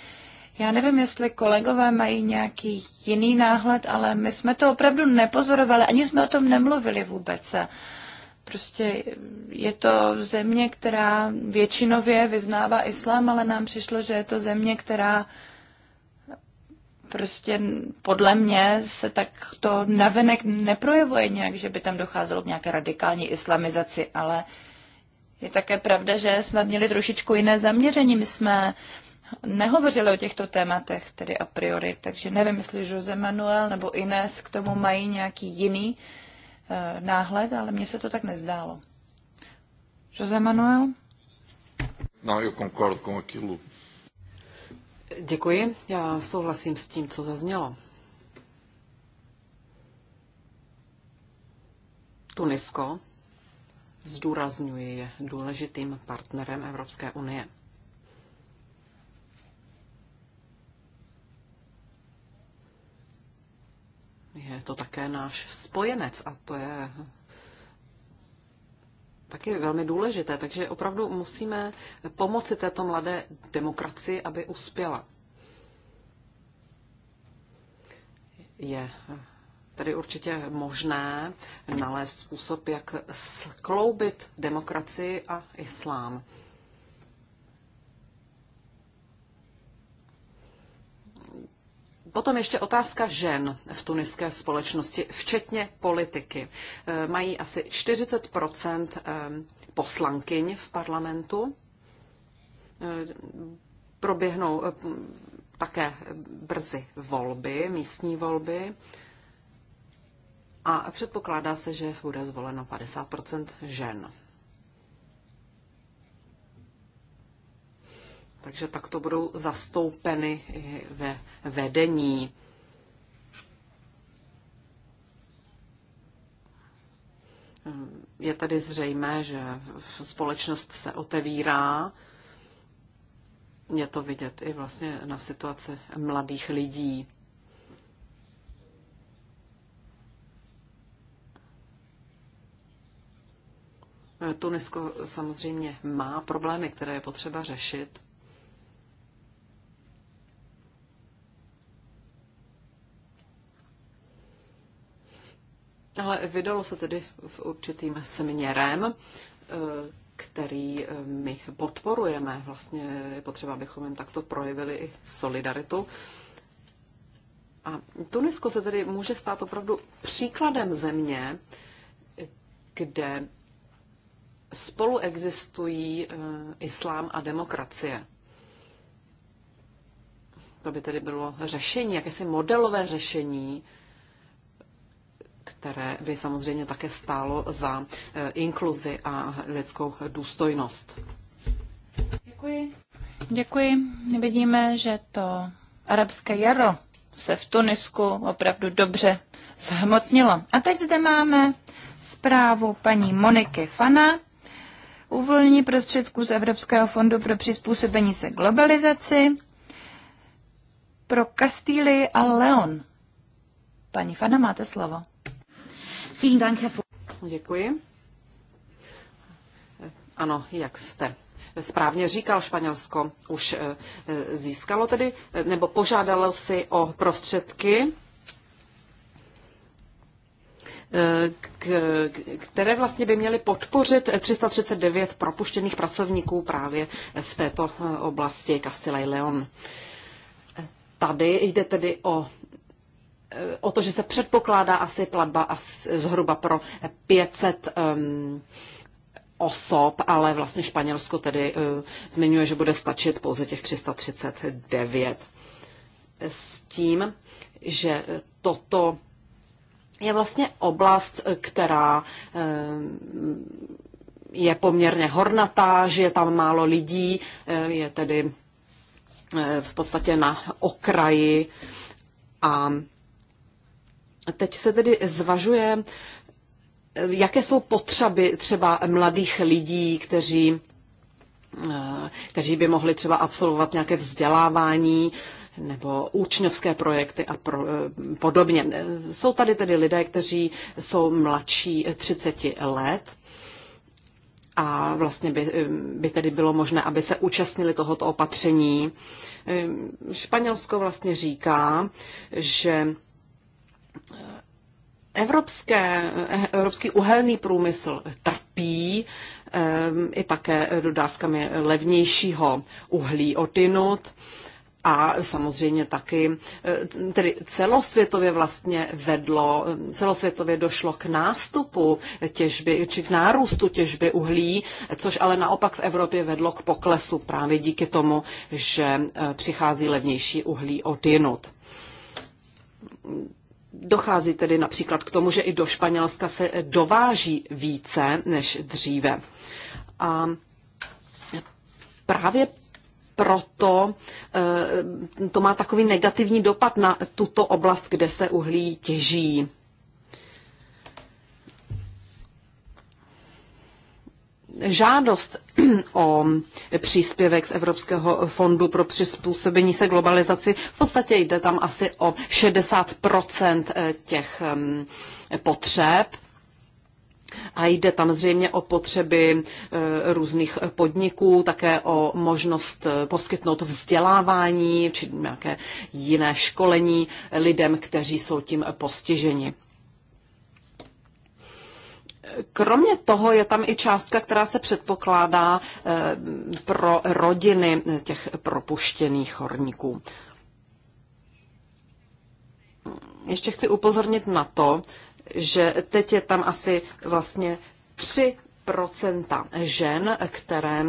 Já nevím, jestli kolegové mají nějaký jiný náhled, ale my jsme to opravdu nepozorovali, ani jsme o tom nemluvili vůbec. Prostě je to země, která většinově vyznává islám, ale nám přišlo, že je to země, která prostě podle mě se tak to navenek neprojevuje nějak, že by tam docházelo k nějaké radikální islamizaci, ale je také pravda, že jsme měli trošičku jiné zaměření. My jsme nehovořili o těchto tématech, tedy a priori, takže nevím, jestli Jose Manuel nebo Ines k tomu mají nějaký jiný uh, náhled, ale mně se to tak nezdálo. Jose Manuel? No, eu concordo com aquilo. Děkuji, já souhlasím s tím, co zaznělo. Tunisko, zdůrazňuje je důležitým partnerem Evropské unie. je to také náš spojenec a to je taky velmi důležité. Takže opravdu musíme pomoci této mladé demokracii, aby uspěla. Je tedy určitě možné nalézt způsob, jak skloubit demokracii a islám. Potom ještě otázka žen v tuniské společnosti, včetně politiky. E, mají asi 40 e, poslankyň v parlamentu. E, proběhnou také brzy volby, místní volby. A předpokládá se, že bude zvoleno 50 žen. takže takto budou zastoupeny i ve vedení. Je tady zřejmé, že společnost se otevírá. Je to vidět i vlastně na situaci mladých lidí. Tunisko samozřejmě má problémy, které je potřeba řešit. Ale vydalo se tedy v určitým směrem, eh, který eh, my podporujeme. Vlastně je potřeba, abychom jim takto projevili i solidaritu. A Tunisko se tedy může stát opravdu příkladem země, kde spolu existují eh, islám a demokracie. To by tedy bylo řešení, jakési modelové řešení které by samozřejmě také stálo za eh, inkluzi a lidskou důstojnost. Děkuji. Děkuji. Vidíme, že to arabské jaro se v Tunisku opravdu dobře zhmotnilo. A teď zde máme zprávu paní Moniky Fana. Uvolnění prostředků z Evropského fondu pro přizpůsobení se globalizaci pro Kastíly a Leon. Paní Fana, máte slovo. Děkuji. Ano, jak jste správně říkal, Španělsko už eh, získalo tedy, eh, nebo požádalo si o prostředky, eh, které vlastně by měly podpořit 339 propuštěných pracovníků právě v této oblasti Castilla y León. Tady jde tedy o Eh, o to, že se předpokládá asi platba asi zhruba pro 500 um, osob, ale vlastně Španělsko tedy uh, zmiňuje, že bude stačit pouze těch 339. S tím, že toto je vlastně oblast, která eh, je poměrně hornatá, že je tam málo lidí, je tedy v podstatě na okraji a Teď se tedy zvažuje, jaké jsou potřeby třeba mladých lidí, kteří, eh, kteří by mohli třeba absolvovat nějaké vzdělávání nebo účňovské projekty a pro, eh, podobně. Jsou tady tedy lidé, kteří jsou mladší 30 let a vlastně by, by tedy bylo možné, aby se účastnili tohoto opatření. Španělsko vlastně říká, že Evropské, evropský uhelný průmysl trpí ehm, i také dodávkami levnějšího uhlí odinut a samozřejmě taky, eh, tedy celosvětově vlastně vedlo, celosvětově došlo k nástupu těžby, či k nárůstu těžby uhlí, což ale naopak v Evropě vedlo k poklesu právě díky tomu, že eh, přichází levnější uhlí od jinut Dochází tedy například k tomu, že i do Španělska se dováží více než dříve. A právě proto eh, to má takový negativní dopad na tuto oblast, kde se uhlí těží. žádost o příspěvek z Evropského fondu pro přizpůsobení se globalizaci. V podstatě jde tam asi o 60 eh, těch potřeb. A jde tam zřejmě o potřeby eh, různých podniků, také o možnost eh, poskytnout vzdělávání či nějaké jiné školení lidem, kteří jsou tím postiženi. Kromě toho je tam i částka, která se předpokládá eh, pro rodiny těch propuštěných horníků. Ještě chci upozornit na to, že teď je tam asi vlastně 3 žen, které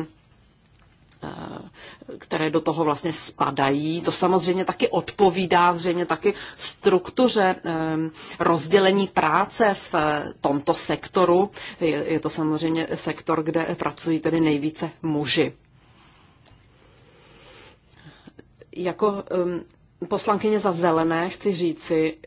Eh, které do toho vlastně spadají. To samozřejmě taky odpovídá zřejmě taky struktuře eh, rozdělení práce v eh, tomto sektoru. Je to samozřejmě sektor, kde pracují tedy nejvíce muži. Jako poslankyně za zelené chci říci,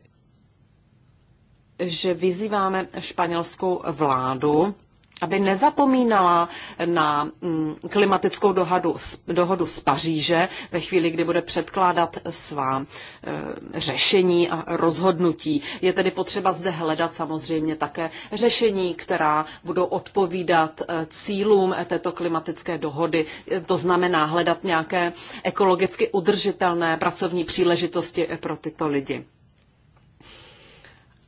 že vyzýváme španělskou vládu, aby nezapomínala na mm, klimatickou dohodu, dohodu z Paříže ve chvíli, kdy bude předkládat svá e, řešení a rozhodnutí. Je tedy potřeba zde hledat samozřejmě také řešení, která budou odpovídat e, cílům této klimatické dohody. E, to znamená hledat nějaké ekologicky udržitelné pracovní příležitosti pro tyto lidi.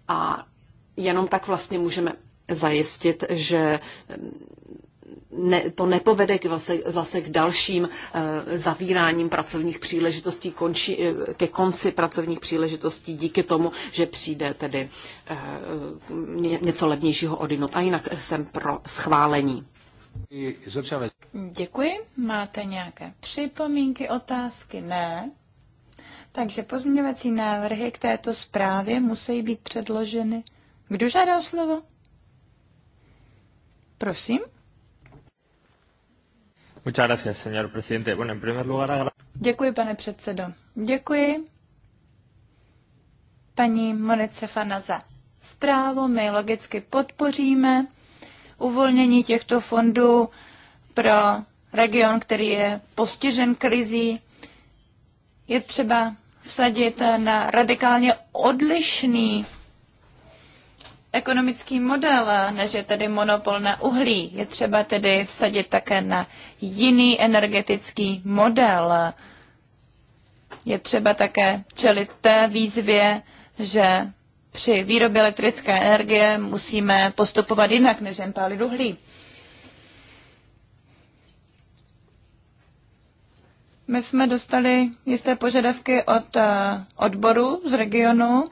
A jenom tak vlastně můžeme zajistit, že ne, to nepovede k zase, zase k dalším uh, zavíráním pracovních příležitostí, konči, eh, ke konci pracovních příležitostí díky tomu, že přijde tedy uh, něco levnějšího odinut. A jinak jsem pro schválení. Děkuji. Máte nějaké připomínky, otázky? Ne. Takže pozměňovací návrhy k této zprávě musí být předloženy. Kdo žádá slovo? Prosím. Muchas gracias, señor presidente. Bueno, en primer lugar... Děkuji, pane předsedo. Děkuji paní Monice Fanaza, za zprávu. My logicky podpoříme uvolnění těchto fondů pro region, který je postižen krizí. Je třeba vsadit na radikálně odlišný ekonomický model, než je tedy monopol na uhlí. Je třeba tedy vsadit také na jiný energetický model. Je třeba také čelit té výzvě, že při výrobě elektrické energie musíme postupovat jinak, než jen pálit uhlí. My jsme dostali jisté požadavky od eh, odboru z regionu,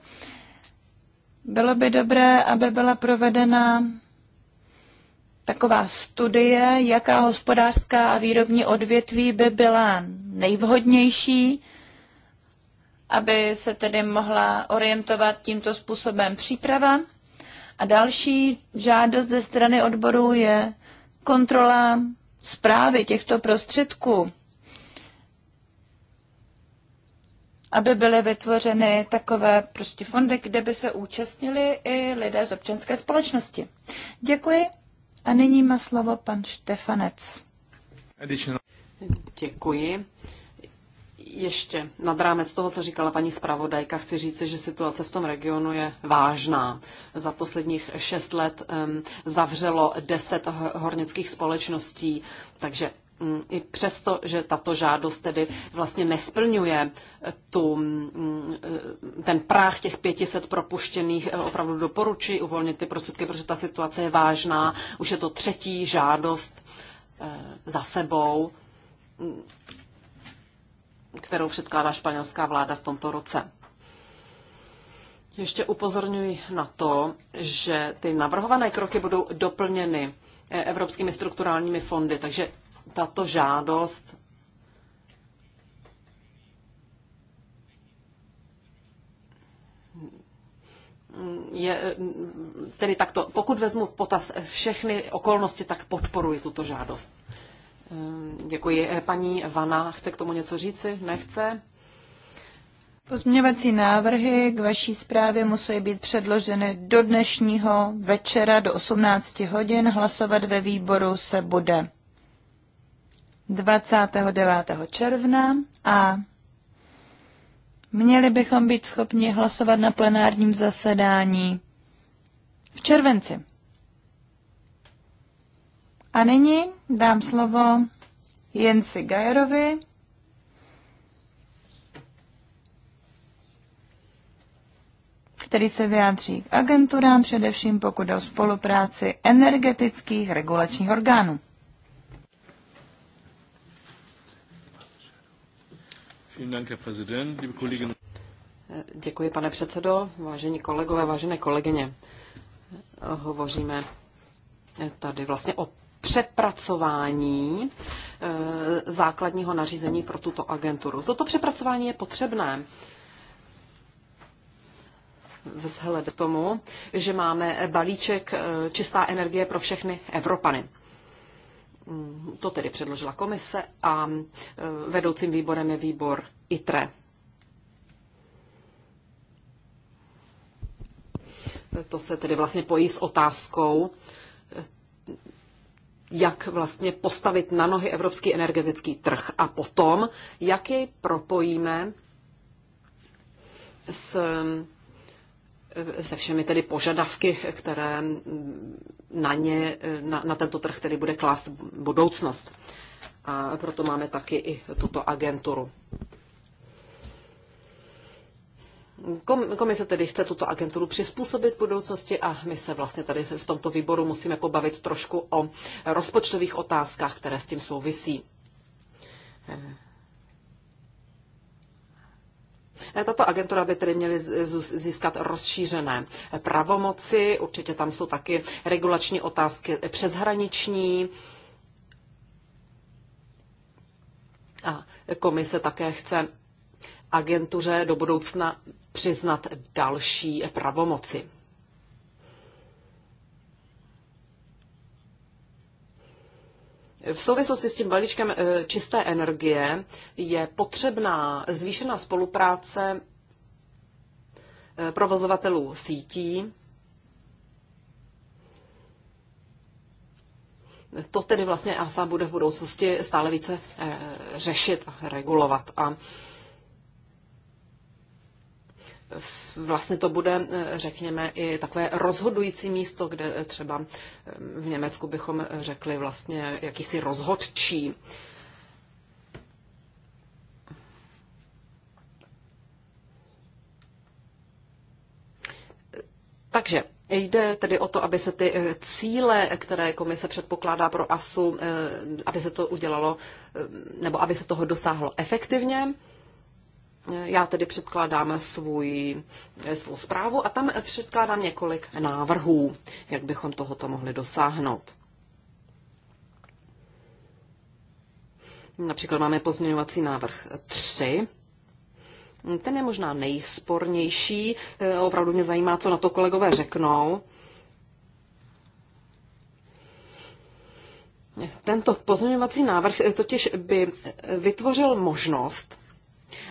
bylo by dobré, aby byla provedena taková studie, jaká hospodářská a výrobní odvětví by byla nejvhodnější, aby se tedy mohla orientovat tímto způsobem příprava. A další žádost ze strany odboru je kontrola zprávy těchto prostředků aby byly vytvořeny takové prostě fondy, kde by se účastnili i lidé z občanské společnosti. Děkuji a nyní má slovo pan Štefanec. Děkuji. Ještě nad rámec toho, co říkala paní zpravodajka, chci říct, že situace v tom regionu je vážná. Za posledních šest let um, zavřelo deset hornických společností, takže Mm, i přesto, že tato žádost tedy vlastně nesplňuje tu, mm, e, ten práh těch 500 propuštěných, e, opravdu doporučuji uvolnit ty prostředky, protože ta situace je vážná. Už je to třetí žádost e, za sebou, mm, kterou předkládá španělská vláda v tomto roce. Ještě upozorňuji na to, že ty navrhované kroky budou doplněny evropskými strukturálními fondy, takže tato žádost je, tedy takto, pokud vezmu v potaz všechny okolnosti, tak podporuji tuto žádost. Děkuji. Paní Vana chce k tomu něco říci? Nechce? Pozměňovací návrhy k vaší zprávě musí být předloženy do dnešního večera do 18 hodin. Hlasovat ve výboru se bude 29. června a měli bychom být schopni hlasovat na plenárním zasedání v červenci. A nyní dám slovo Jensi Gajerovi, který se vyjádří k agenturám, především pokud o spolupráci energetických regulačních orgánů. Děkuji, pane předsedo, vážení kolegové, vážené kolegyně. Hovoříme tady vlastně o přepracování eh, základního nařízení pro tuto agenturu. Toto přepracování je potřebné vzhledem k tomu, že máme balíček eh, čistá energie pro všechny Evropany. Mm, to tedy předložila komise a e, vedoucím výborem je výbor ITRE. To se tedy vlastně pojí s otázkou, e, jak vlastně postavit na nohy evropský energetický trh a potom, jak jej propojíme s se všemi tedy požadavky, které na ně, na, na tento trh tedy bude klást budoucnost. A proto máme taky i tuto agenturu. Komise tedy chce tuto agenturu přizpůsobit budoucnosti a my se vlastně tady v tomto výboru musíme pobavit trošku o rozpočtových otázkách, které s tím souvisí. Eh, tato agentura by tedy měly získat rozšířené pravomoci, určitě tam jsou taky regulační otázky přeshraniční. A komise také chce agentuře do budoucna přiznat další pravomoci. V souvislosti s tím balíčkem eh, čisté energie je potřebná zvýšená spolupráce eh, provozovatelů sítí. To tedy vlastně ASA bude v budoucnosti stále více eh, řešit a regulovat. A vlastně to bude, eh, řekněme, i takové rozhodující místo, kde eh, třeba eh, v Německu bychom řekli vlastně jakýsi rozhodčí. Takže Jde tedy o to, aby se ty cíle, které komise předpokládá pro ASU, aby se to udělalo, nebo aby se toho dosáhlo efektivně. Já tedy předkládám svůj, svou zprávu a tam předkládám několik návrhů, jak bychom tohoto mohli dosáhnout. Například máme pozměňovací návrh 3. Ten je možná nejspornější. Opravdu mě zajímá, co na to kolegové řeknou. Tento pozměňovací návrh totiž by vytvořil možnost,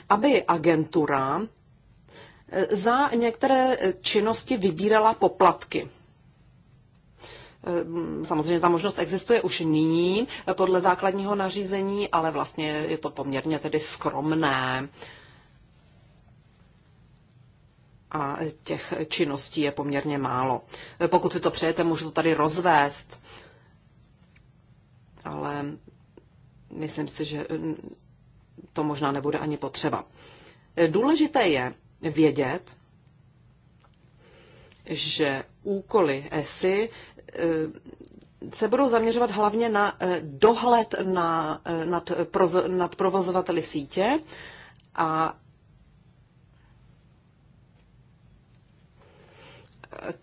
aby agentura eh, za některé eh, činnosti vybírala poplatky. Eh, samozřejmě ta možnost existuje už nyní podle základního nařízení, ale vlastně je to poměrně tedy skromné. A těch činností je poměrně málo. Pokud si to přejete, můžu to tady rozvést. Ale myslím si, že to možná nebude ani potřeba. Důležité je vědět, že úkoly ESI eh, se budou zaměřovat hlavně na eh, dohled na, eh, nad, nad provozovateli sítě a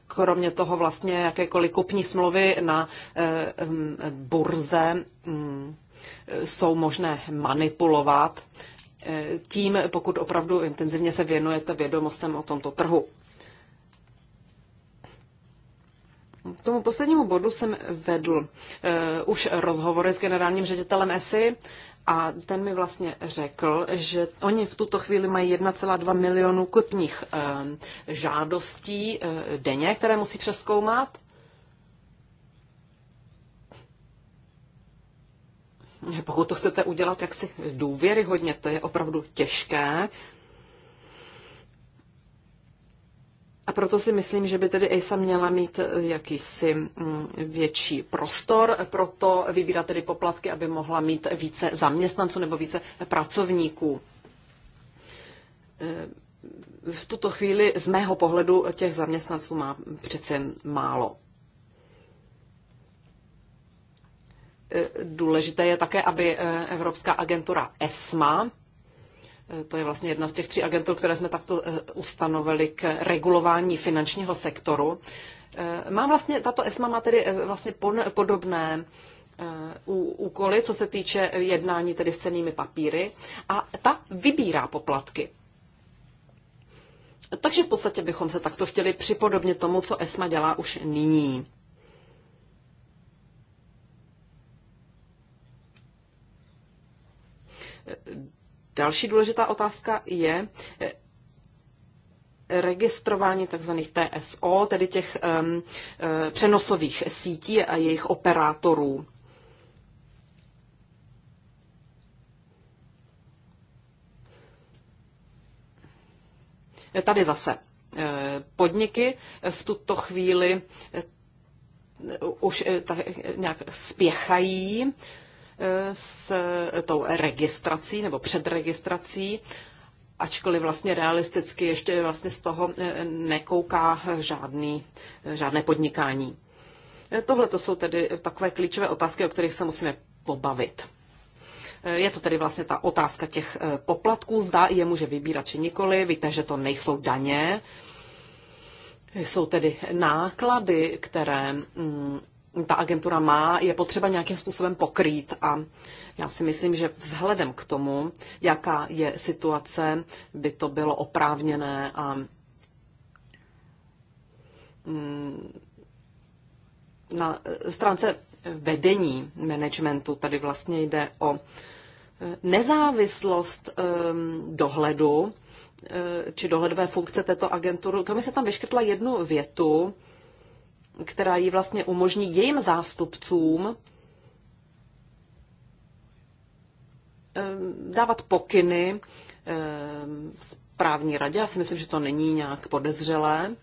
kromě toho vlastně jakékoliv kupní smlouvy na mm, burze mm, jsou možné manipulovat eh, tím, pokud opravdu intenzivně se věnujete vědomostem o tomto trhu. K tomu poslednímu bodu jsem vedl uh, už rozhovory s generálním ředitelem ESI a ten mi vlastně řekl, že oni v tuto chvíli mají 1,2 milionu kotních uh, eh, žádostí uh, denně, které musí přeskoumat pokud to chcete udělat jaksi důvěryhodně, to je opravdu těžké. A proto si myslím, že by tedy Ejsa měla mít eh, jakýsi mm, větší prostor, proto vybírat tedy poplatky, aby mohla mít více zaměstnanců nebo více pracovníků. Eh, v tuto chvíli z mého pohledu těch zaměstnanců má přece málo. Důležité je také, aby eh, Evropská agentura ESMA, eh, to je vlastně jedna z těch tří agentur, které jsme takto eh, ustanovili k regulování finančního sektoru, má vlastně, tato ESMA má tedy vlastně podobné úkoly, co se týče jednání tedy s cenými papíry a ta vybírá poplatky. Takže v podstatě bychom se takto chtěli připodobnit tomu, co ESMA dělá už nyní. Další důležitá otázka je eh, registrování tzv. TSO, tedy těch um, přenosových sítí a jejich operátorů. Eh, tady zase podniky v tuto chvíli už tak nějak spěchají s tou registrací nebo předregistrací, ačkoliv vlastně realisticky ještě vlastně z toho e, nekouká žádný, e, žádné podnikání. E, tohle to jsou tedy takové klíčové otázky, o kterých se musíme pobavit. Je to tedy vlastně ta otázka těch poplatků, zda je může vybírat či nikoli. Víte, že to nejsou daně, jsou tedy náklady, které mm, ta agentura má, je potřeba nějakým způsobem pokrýt. A já si myslím, že vzhledem k tomu, jaká je situace, by to bylo oprávněné a mm, na stránce vedení managementu tady vlastně jde o e, nezávislost e, dohledu e, či dohledové funkce této agentury. se tam vyškrtla jednu větu, která ji vlastně umožní jejím zástupcům eh, dávat pokyny eh, správní radě. Já si myslím, že to není nějak podezřelé,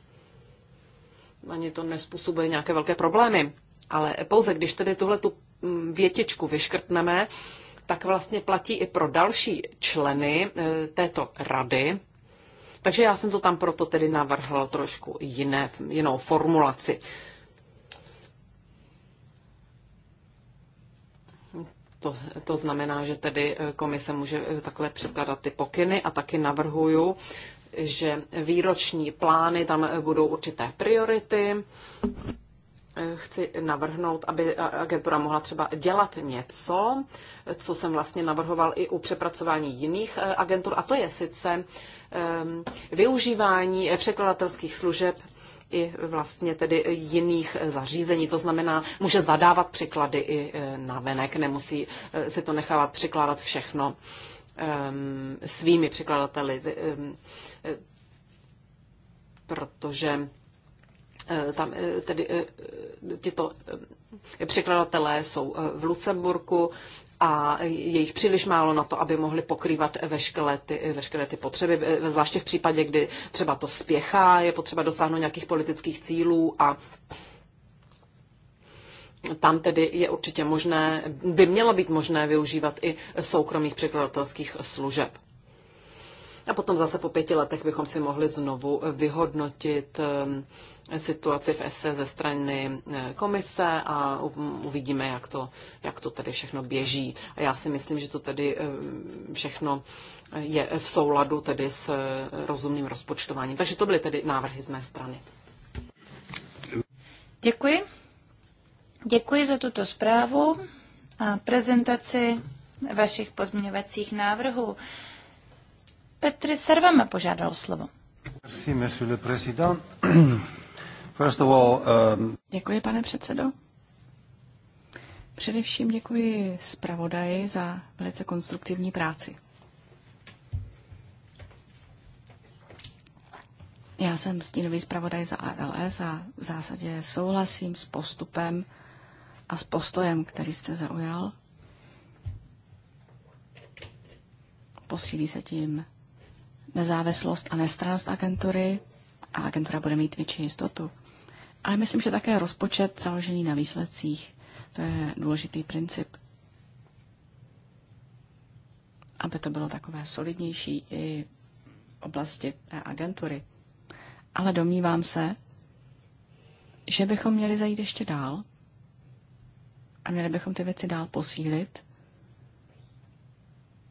ani to nespůsobuje nějaké velké problémy. Ale pouze když tedy tuhle tu mm, větičku vyškrtneme, tak vlastně platí i pro další členy eh, této rady, takže já jsem to tam proto tedy navrhla trošku jiné, jinou formulaci. To, to znamená, že tedy eh, komise může eh, takhle předkládat ty pokyny a taky navrhuju, že výroční plány tam eh, budou určité priority. Chci navrhnout, aby agentura mohla třeba dělat něco, co jsem vlastně navrhoval i u přepracování jiných agentur, a to je sice Ehm, využívání eh, překladatelských služeb i vlastně tedy jiných eh, zařízení. To znamená, může zadávat překlady i eh, na venek, nemusí se to nechávat překládat všechno ehm, svými překladateli, ehm, protože tam tedy tyto překladatelé jsou v Lucemburku a je jich příliš málo na to, aby mohli pokrývat veškeré ty, veškeré ty potřeby, zvláště v případě, kdy třeba to spěchá, je potřeba dosáhnout nějakých politických cílů a tam tedy je určitě možné, by mělo být možné využívat i soukromých překladatelských služeb. A potom zase po pěti letech bychom si mohli znovu vyhodnotit situaci v ESE ze strany eh, komise a uvidíme, jak to, jak to tady všechno běží. A já si myslím, že to tady eh, všechno je v souladu tedy s eh, rozumným rozpočtováním. Takže to byly tedy návrhy z mé strany. Děkuji. Děkuji za tuto zprávu a prezentaci vašich pozměňovacích návrhů. Petr Servama požádal slovo. Merci, monsieur le président. Um, děkuji, pane předsedo. Především děkuji zpravodaji za velice konstruktivní práci. Já jsem stínový zpravodaj za ALS a v zásadě souhlasím s postupem a s postojem, který jste zaujal. Posílí se tím nezávislost a nestrannost agentury a agentura bude mít větší jistotu. Ale myslím, že také rozpočet založený na výsledcích, to je důležitý princip. Aby to bylo takové solidnější i v oblasti té agentury. Ale domnívám se, že bychom měli zajít ještě dál a měli bychom ty věci dál posílit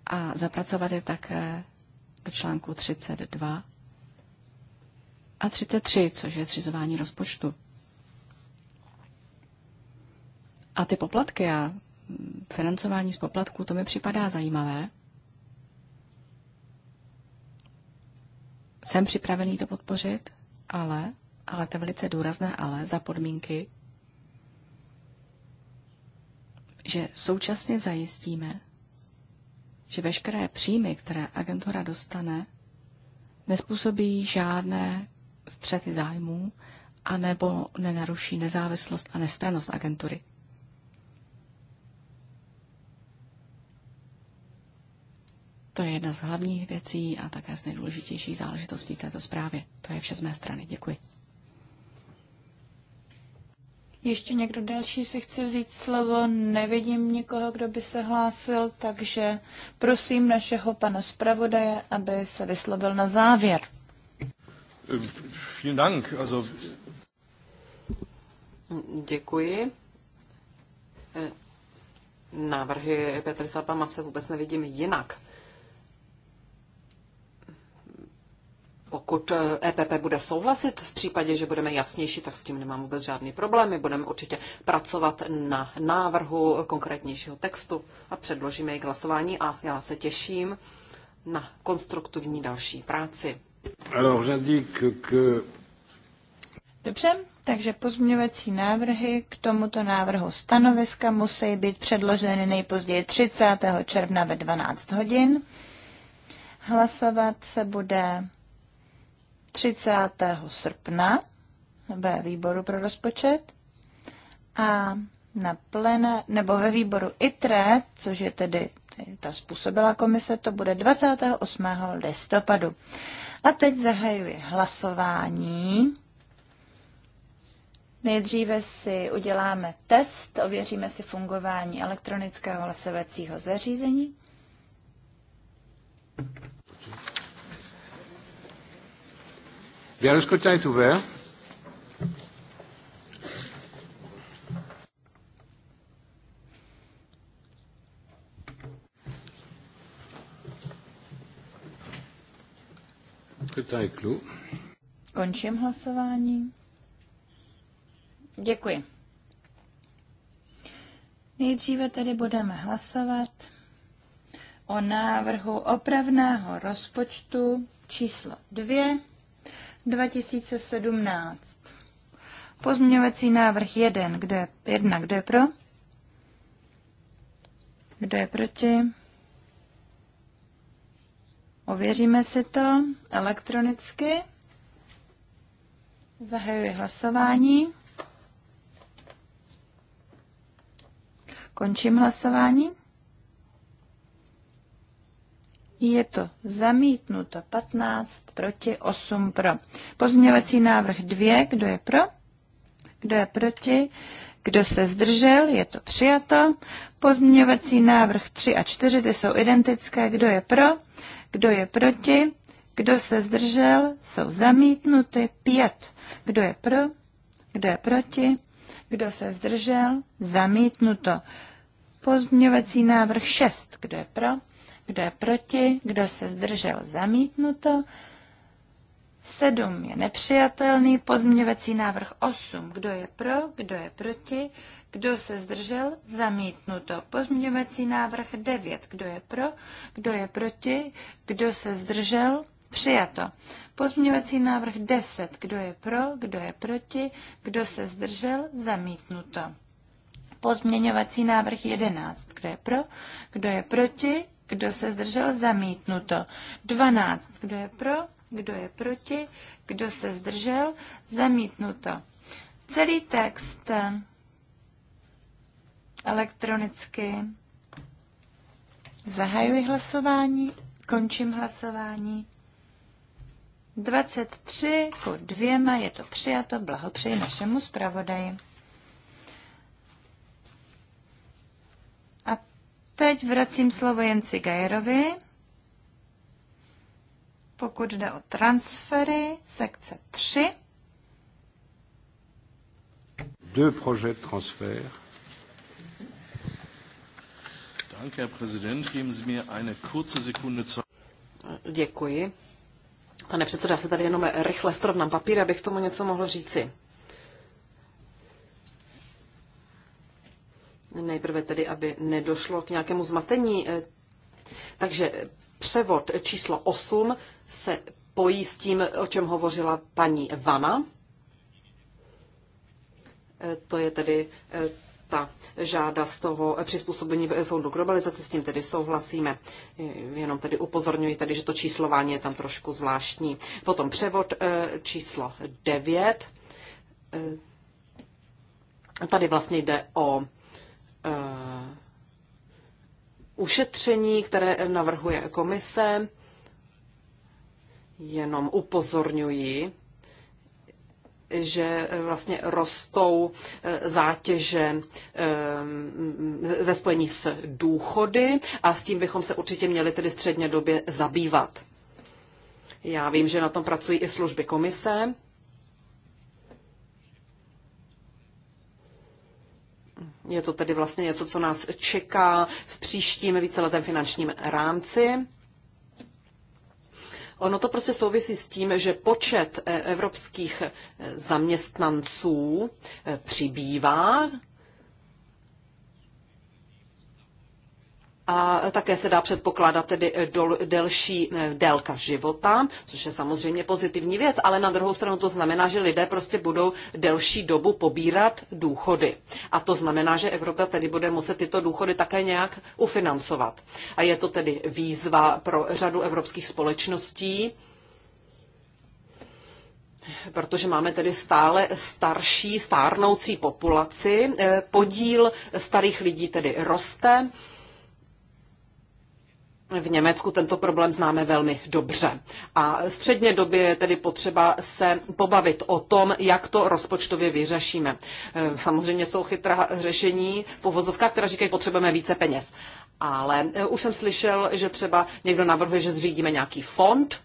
a zapracovat je také do článku 32 a 33, což je zřizování rozpočtu. A ty poplatky a financování z poplatků, to mi připadá zajímavé. Jsem připravený to podpořit, ale, ale to je velice důrazné ale, za podmínky, že současně zajistíme, že veškeré příjmy, které agentura dostane, nespůsobí žádné střety zájmů anebo nenaruší nezávislost a nestranost agentury. To je jedna z hlavních věcí a také z nejdůležitějších záležitostí této zprávy. To je vše z mé strany. Děkuji. Ještě někdo další si chce vzít slovo? Nevidím nikoho, kdo by se hlásil, takže prosím našeho pana zpravodaje, aby se vyslovil na závěr. Vielen Dank. Also Děkuji. E, návrhy Petr Sapama se vůbec nevidím jinak. Pokud EPP bude souhlasit, v případě, že budeme jasnější, tak s tím nemám vůbec žádný problém. My budeme určitě pracovat na návrhu konkrétnějšího textu a předložíme jej k hlasování a já se těším na konstruktivní další práci. Dobře, takže pozměňovací návrhy k tomuto návrhu stanoviska musí být předloženy nejpozději 30. června ve 12 hodin. Hlasovat se bude 30. srpna ve výboru pro rozpočet a na plena, nebo ve výboru ITRE, což je tedy ta způsobila komise, to bude 28. listopadu. A teď zahajuji hlasování. Nejdříve si uděláme test, ověříme si fungování elektronického hlasovacího zařízení. Vi har scrutin ouvert. Končím hlasování. Děkuji. Nejdříve tedy budeme hlasovat o návrhu opravného rozpočtu číslo 2 2017. Pozměňovací návrh 1, kdo je, 1, kdo je pro? Kdo je proti? Ověříme si to elektronicky. Zahajuji hlasování. Končím hlasování. Je to zamítnuto 15 proti 8 pro. Pozměňovací návrh 2, kdo je pro? Kdo je proti? Kdo se zdržel? Je to přijato. Pozměňovací návrh 3 a 4, ty jsou identické. Kdo je pro? Kdo je proti? Kdo se zdržel? Jsou zamítnuty. Pět. Kdo je pro? Kdo je proti? Kdo se zdržel? Zamítnuto. Pozměňovací návrh 6. Kdo je pro? Kdo je proti? Kdo se zdržel? Zamítnuto. 7 je nepřijatelný. Pozměňovací návrh 8. Kdo je pro? Kdo je proti? Kdo se zdržel? Zamítnuto. Pozměňovací návrh 9. Kdo je pro? Kdo je proti? Kdo se zdržel? Přijato. Pozměňovací návrh 10. Kdo je pro? Kdo je proti? Kdo se zdržel? Zamítnuto. Pozměňovací návrh 11. Kdo je pro? Kdo je proti? Kdo se zdržel? Zamítnuto. 12. Kdo je pro? Kdo je proti? Kdo se zdržel? Zamítnuto. Celý text elektronicky. Zahajuji hlasování, končím hlasování. 23 ku dvěma je to přijato, blahopřeji našemu zpravodaji. A teď vracím slovo Jenci Gajerovi. Pokud jde o transfery, sekce 3. Deux projets de transfert Děkuji. Pane předsedo, já se tady jenom rychle srovnám papír, abych tomu něco mohl říci. Nejprve tedy, aby nedošlo k nějakému zmatení. Eh, takže převod číslo 8 se pojí s tím, o čem hovořila paní Vana. Eh, to je tedy eh, ta žáda z toho přizpůsobení fondu globalizace, s tím tedy souhlasíme. Jenom tedy upozorňuji tady, že to číslování je tam trošku zvláštní. Potom převod eh, číslo 9. Eh, tady vlastně jde o eh, ušetření, které navrhuje komise. Jenom upozorňuji, že eh, vlastně rostou eh, zátěže eh, ve spojení s důchody a s tím bychom se určitě měli tedy středně době zabývat. Já vím, že na tom pracují i služby komise. Je to tedy vlastně něco, co nás čeká v příštím víceletém finančním rámci. Ono to prostě souvisí s tím, že počet eh, evropských eh, zaměstnanců eh, přibývá a také se dá předpokládat tedy eh, dol, delší eh, délka života, což je samozřejmě pozitivní věc, ale na druhou stranu to znamená, že lidé prostě budou delší dobu pobírat důchody. A to znamená, že Evropa tedy bude muset tyto důchody také nějak ufinancovat. A je to tedy výzva pro řadu evropských společností, protože máme tedy stále starší, stárnoucí populaci. Eh, podíl starých lidí tedy roste v Německu tento problém známe velmi dobře. A středně době je tedy potřeba se pobavit o tom, jak to rozpočtově vyřešíme. E, samozřejmě jsou chytrá řešení v uvozovkách, která říkají, potřebujeme více peněz. Ale e, už jsem slyšel, že třeba někdo navrhuje, že zřídíme nějaký fond,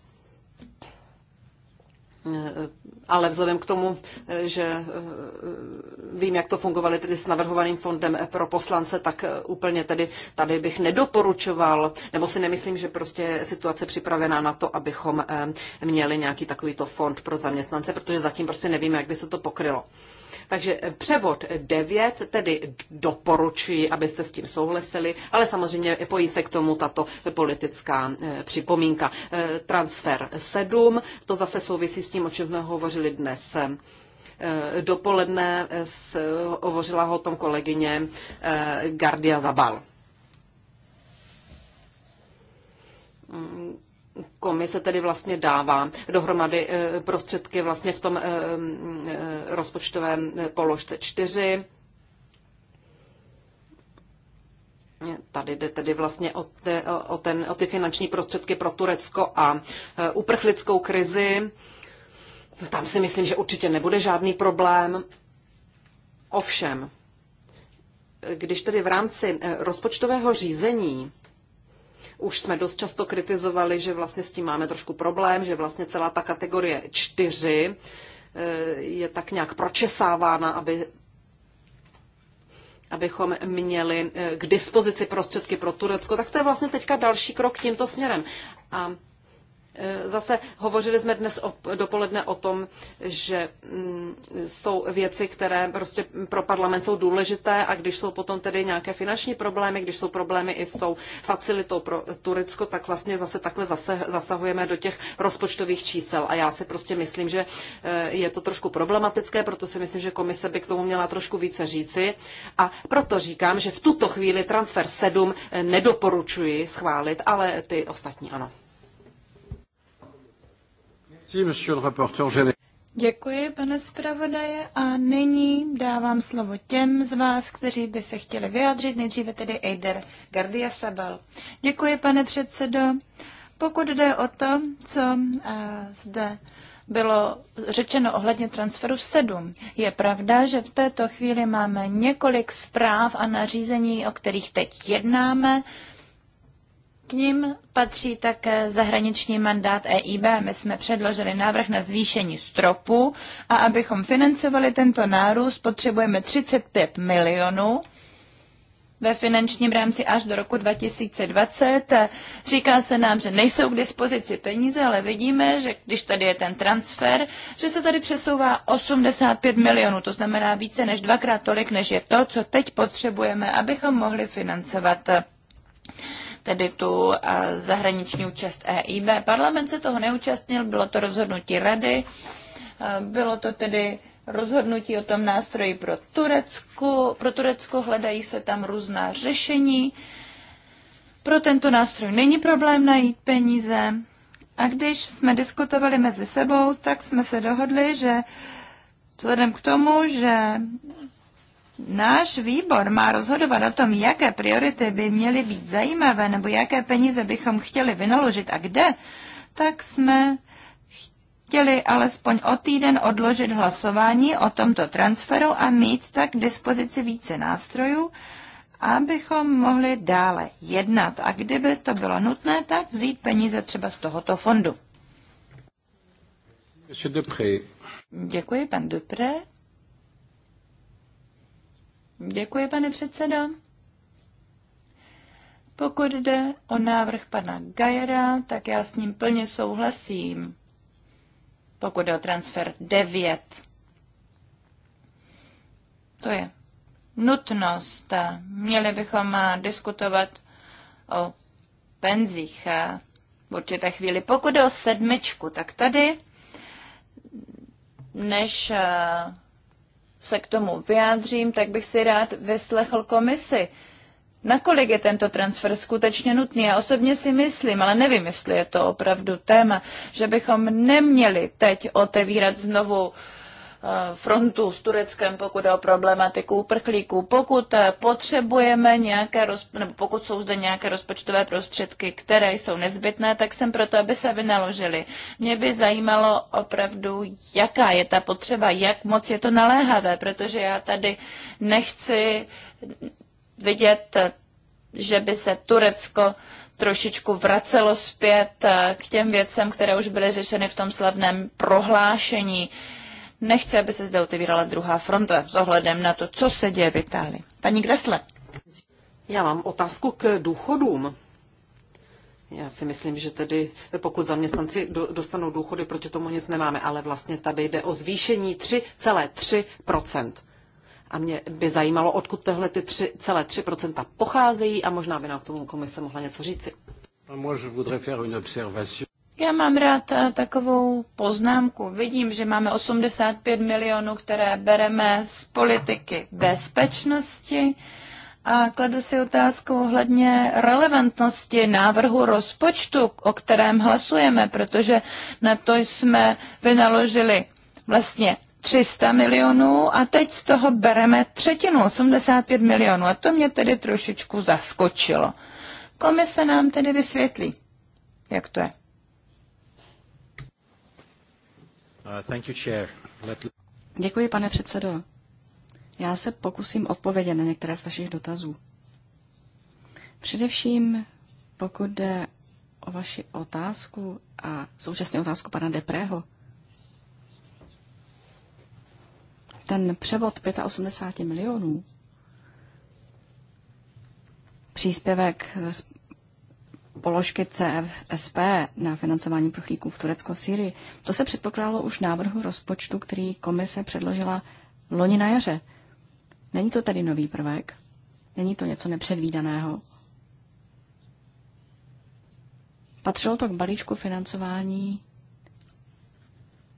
ale vzhledem k tomu, že eh, vím, jak to fungovalo tedy s navrhovaným fondem pro poslance, tak eh, úplně tedy tady bych nedoporučoval, nebo si nemyslím, že prostě situace připravená na to, abychom eh, měli nějaký takovýto fond pro zaměstnance, protože zatím prostě nevíme, jak by se to pokrylo. Takže převod 9 tedy doporučuji, abyste s tím souhlasili, ale samozřejmě pojí se k tomu tato politická eh, připomínka. Eh, transfer 7, to zase souvisí s tím, o čem jsme hovořili dnes eh, dopoledne hovořila ho o tom kolegyně Gardia Zabal. Mm, komise tedy vlastně dává dohromady e, prostředky vlastně v tom e, e, rozpočtovém položce 4. Tady jde tedy vlastně o, te, o, ten, o ty finanční prostředky pro Turecko a uprchlickou krizi. Tam si myslím, že určitě nebude žádný problém. Ovšem, když tedy v rámci rozpočtového řízení už jsme dost často kritizovali, že vlastně s tím máme trošku problém, že vlastně celá ta kategorie čtyři eh, je tak nějak pročesávána, aby abychom měli eh, k dispozici prostředky pro Turecko, tak to je vlastně teďka další krok tímto směrem. A Eh, zase hovořili jsme dnes o, dopoledne o tom, že mm, jsou věci, které prostě pro parlament jsou důležité a když jsou potom tedy nějaké finanční problémy, když jsou problémy i s tou facilitou pro Turecko, tak vlastně zase takhle zase, zasahujeme do těch rozpočtových čísel. A já si prostě myslím, že eh, je to trošku problematické, proto si myslím, že komise by k tomu měla trošku více říci. A proto říkám, že v tuto chvíli transfer 7 eh, nedoporučuji schválit, ale ty ostatní ano. Děkuji, pane zpravodaje, a nyní dávám slovo těm z vás, kteří by se chtěli vyjádřit, nejdříve tedy Eider Gardia Sabal. Děkuji, pane předsedo. Pokud jde o to, co eh, zde bylo řečeno ohledně transferu 7. Je pravda, že v této chvíli máme několik zpráv a nařízení, o kterých teď jednáme. K ním patří také zahraniční mandát EIB. My jsme předložili návrh na zvýšení stropu a abychom financovali tento nárůst, potřebujeme 35 milionů ve finančním rámci až do roku 2020. Říká se nám, že nejsou k dispozici peníze, ale vidíme, že když tady je ten transfer, že se tady přesouvá 85 milionů, to znamená více než dvakrát tolik, než je to, co teď potřebujeme, abychom mohli financovat tedy tu eh, zahraniční účast EIB. Parlament se toho neúčastnil, bylo to rozhodnutí rady, eh, bylo to tedy rozhodnutí o tom nástroji pro Turecko. Pro Turecko hledají se tam různá řešení. Pro tento nástroj není problém najít peníze. A když jsme diskutovali mezi sebou, tak jsme se dohodli, že vzhledem k tomu, že Náš výbor má rozhodovat o tom, jaké priority by měly být zajímavé nebo jaké peníze bychom chtěli vynaložit a kde, tak jsme chtěli alespoň o týden odložit hlasování o tomto transferu a mít tak k dispozici více nástrojů, abychom mohli dále jednat a kdyby to bylo nutné, tak vzít peníze třeba z tohoto fondu. Děkuji, pan Dupré. Děkuji, pane předsedo. Pokud jde o návrh pana Gajera, tak já s ním plně souhlasím. Pokud jde o transfer 9, to je nutnost. Měli bychom diskutovat o penzích v určité chvíli. Pokud jde o sedmičku, tak tady, než se k tomu vyjádřím, tak bych si rád vyslechl komisi. Nakolik je tento transfer skutečně nutný? Já osobně si myslím, ale nevím, jestli je to opravdu téma, že bychom neměli teď otevírat znovu uh, Eh, frontu s Tureckem, pokud je o problematiku uprchlíků. Pokud eh, potřebujeme nějaké, nebo pokud jsou zde nějaké rozpočtové prostředky, které jsou nezbytné, tak jsem proto, aby se vynaložili. Mě by zajímalo opravdu, jaká je ta potřeba, jak moc je to naléhavé, protože já tady nechci vidět, že by se Turecko trošičku vracelo zpět eh, k těm věcem, které už byly řešeny v tom slavném prohlášení nechce, aby se zde otevírala druhá fronta s ohledem na to, co se děje v Itálii. Paní Kresle. Já mám otázku k důchodům. Já si myslím, že tedy pokud zaměstnanci dostanou důchody, proti tomu nic nemáme, ale vlastně tady jde o zvýšení 3,3%. A mě by zajímalo, odkud tehle ty 3,3% pocházejí a možná by nám k tomu komise mohla něco říci. Já mám rád eh, takovou poznámku. Vidím, že máme 85 milionů, které bereme z politiky bezpečnosti a kladu si otázku ohledně relevantnosti návrhu rozpočtu, o kterém hlasujeme, protože na to jsme vynaložili vlastně 300 milionů a teď z toho bereme třetinu, 85 milionů. A to mě tedy trošičku zaskočilo. Komise nám tedy vysvětlí, jak to je. Uh, Děkuji, pane předsedo. Já se pokusím odpovědět na některé z vašich dotazů. Především, pokud jde o vaši otázku a současně otázku pana Deprého, ten převod 85 milionů, příspěvek z položky CFSP na financování prchlíků v Turecku a v Sýrii. To se předpokládalo už návrhu rozpočtu, který komise předložila loni na jaře. Není to tedy nový prvek? Není to něco nepředvídaného? Patřilo to k balíčku financování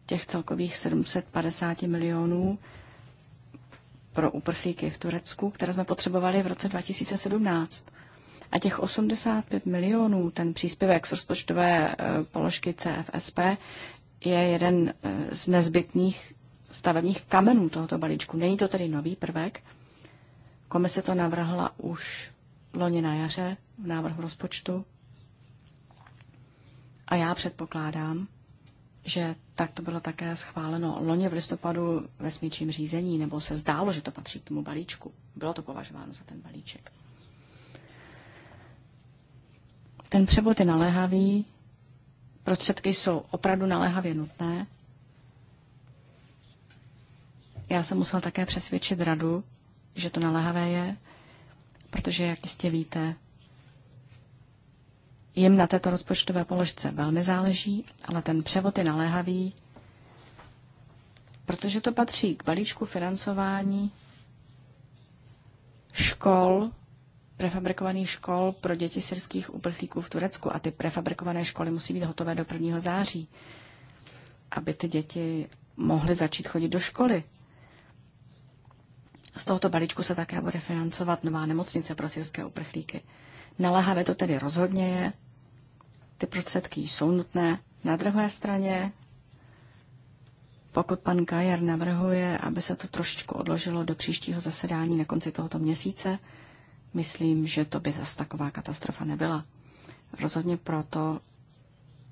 těch celkových 750 milionů pro uprchlíky v Turecku, které jsme potřebovali v roce 2017. A těch 85 milionů, ten příspěvek z rozpočtové eh, položky CFSP, je jeden eh, z nezbytných stavebních kamenů tohoto balíčku. Není to tedy nový prvek. Komise to navrhla už loni na jaře v návrhu rozpočtu. A já předpokládám, že tak to bylo také schváleno loni v listopadu ve smíčím řízení, nebo se zdálo, že to patří k tomu balíčku. Bylo to považováno za ten balíček. Ten převod je naléhavý, prostředky jsou opravdu naléhavě nutné. Já jsem musela také přesvědčit radu, že to naléhavé je, protože, jak jistě víte, jim na této rozpočtové položce velmi záleží, ale ten převod je naléhavý, protože to patří k balíčku financování škol prefabrikovaných škol pro děti syrských uprchlíků v Turecku a ty prefabrikované školy musí být hotové do 1. září, aby ty děti mohly začít chodit do školy. Z tohoto balíčku se také bude financovat nová nemocnice pro syrské uprchlíky. Naléhavé to tedy rozhodně je, ty prostředky jsou nutné. Na druhé straně, pokud pan Kajer navrhuje, aby se to trošičku odložilo do příštího zasedání na konci tohoto měsíce, myslím, že to by zase taková katastrofa nebyla. Rozhodně proto,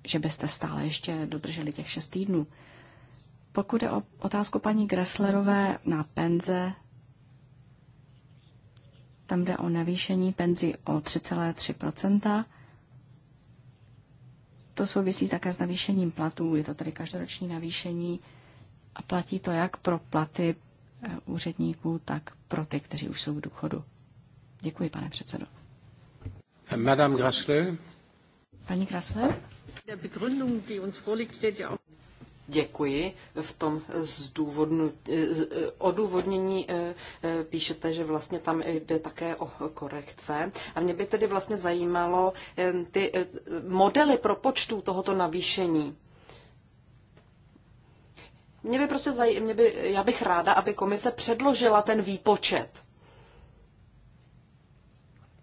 že byste stále ještě dodrželi těch šest týdnů. Pokud je o otázku paní Gresslerové na penze, tam jde o navýšení penzi o 3,3 To souvisí také s navýšením platů, je to tedy každoroční navýšení a platí to jak pro platy eh, úředníků, tak pro ty, kteří už jsou v důchodu. Děkuji, pane předsedo. Madame Grasle. Paní Grasle. Děkuji. V tom zdůvodnu, eh, eh, odůvodnění eh, píšete, že vlastně tam jde také o korekce. A mě by tedy vlastně zajímalo ty modely pro počtu tohoto navýšení. Mě by prostě zaj... mě by... Já bych ráda, aby komise předložila ten výpočet